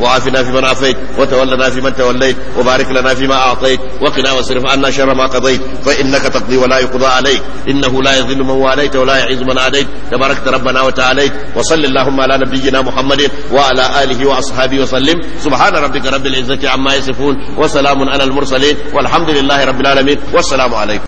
wa fi man wa fi man wa barik lana fi ma a'tait wa qina anna sharra ma qadait fa innaka taqdi wa la yuqda alayk innahu la yadhillu man walayta wa la yu'izzu man adait tabarakta rabbana wa wa sallallahu ala على نبينا محمد وعلى آله وأصحابه وسلم سبحان ربك رب العزة عما يصفون وسلام على المرسلين والحمد لله رب العالمين والسلام عليكم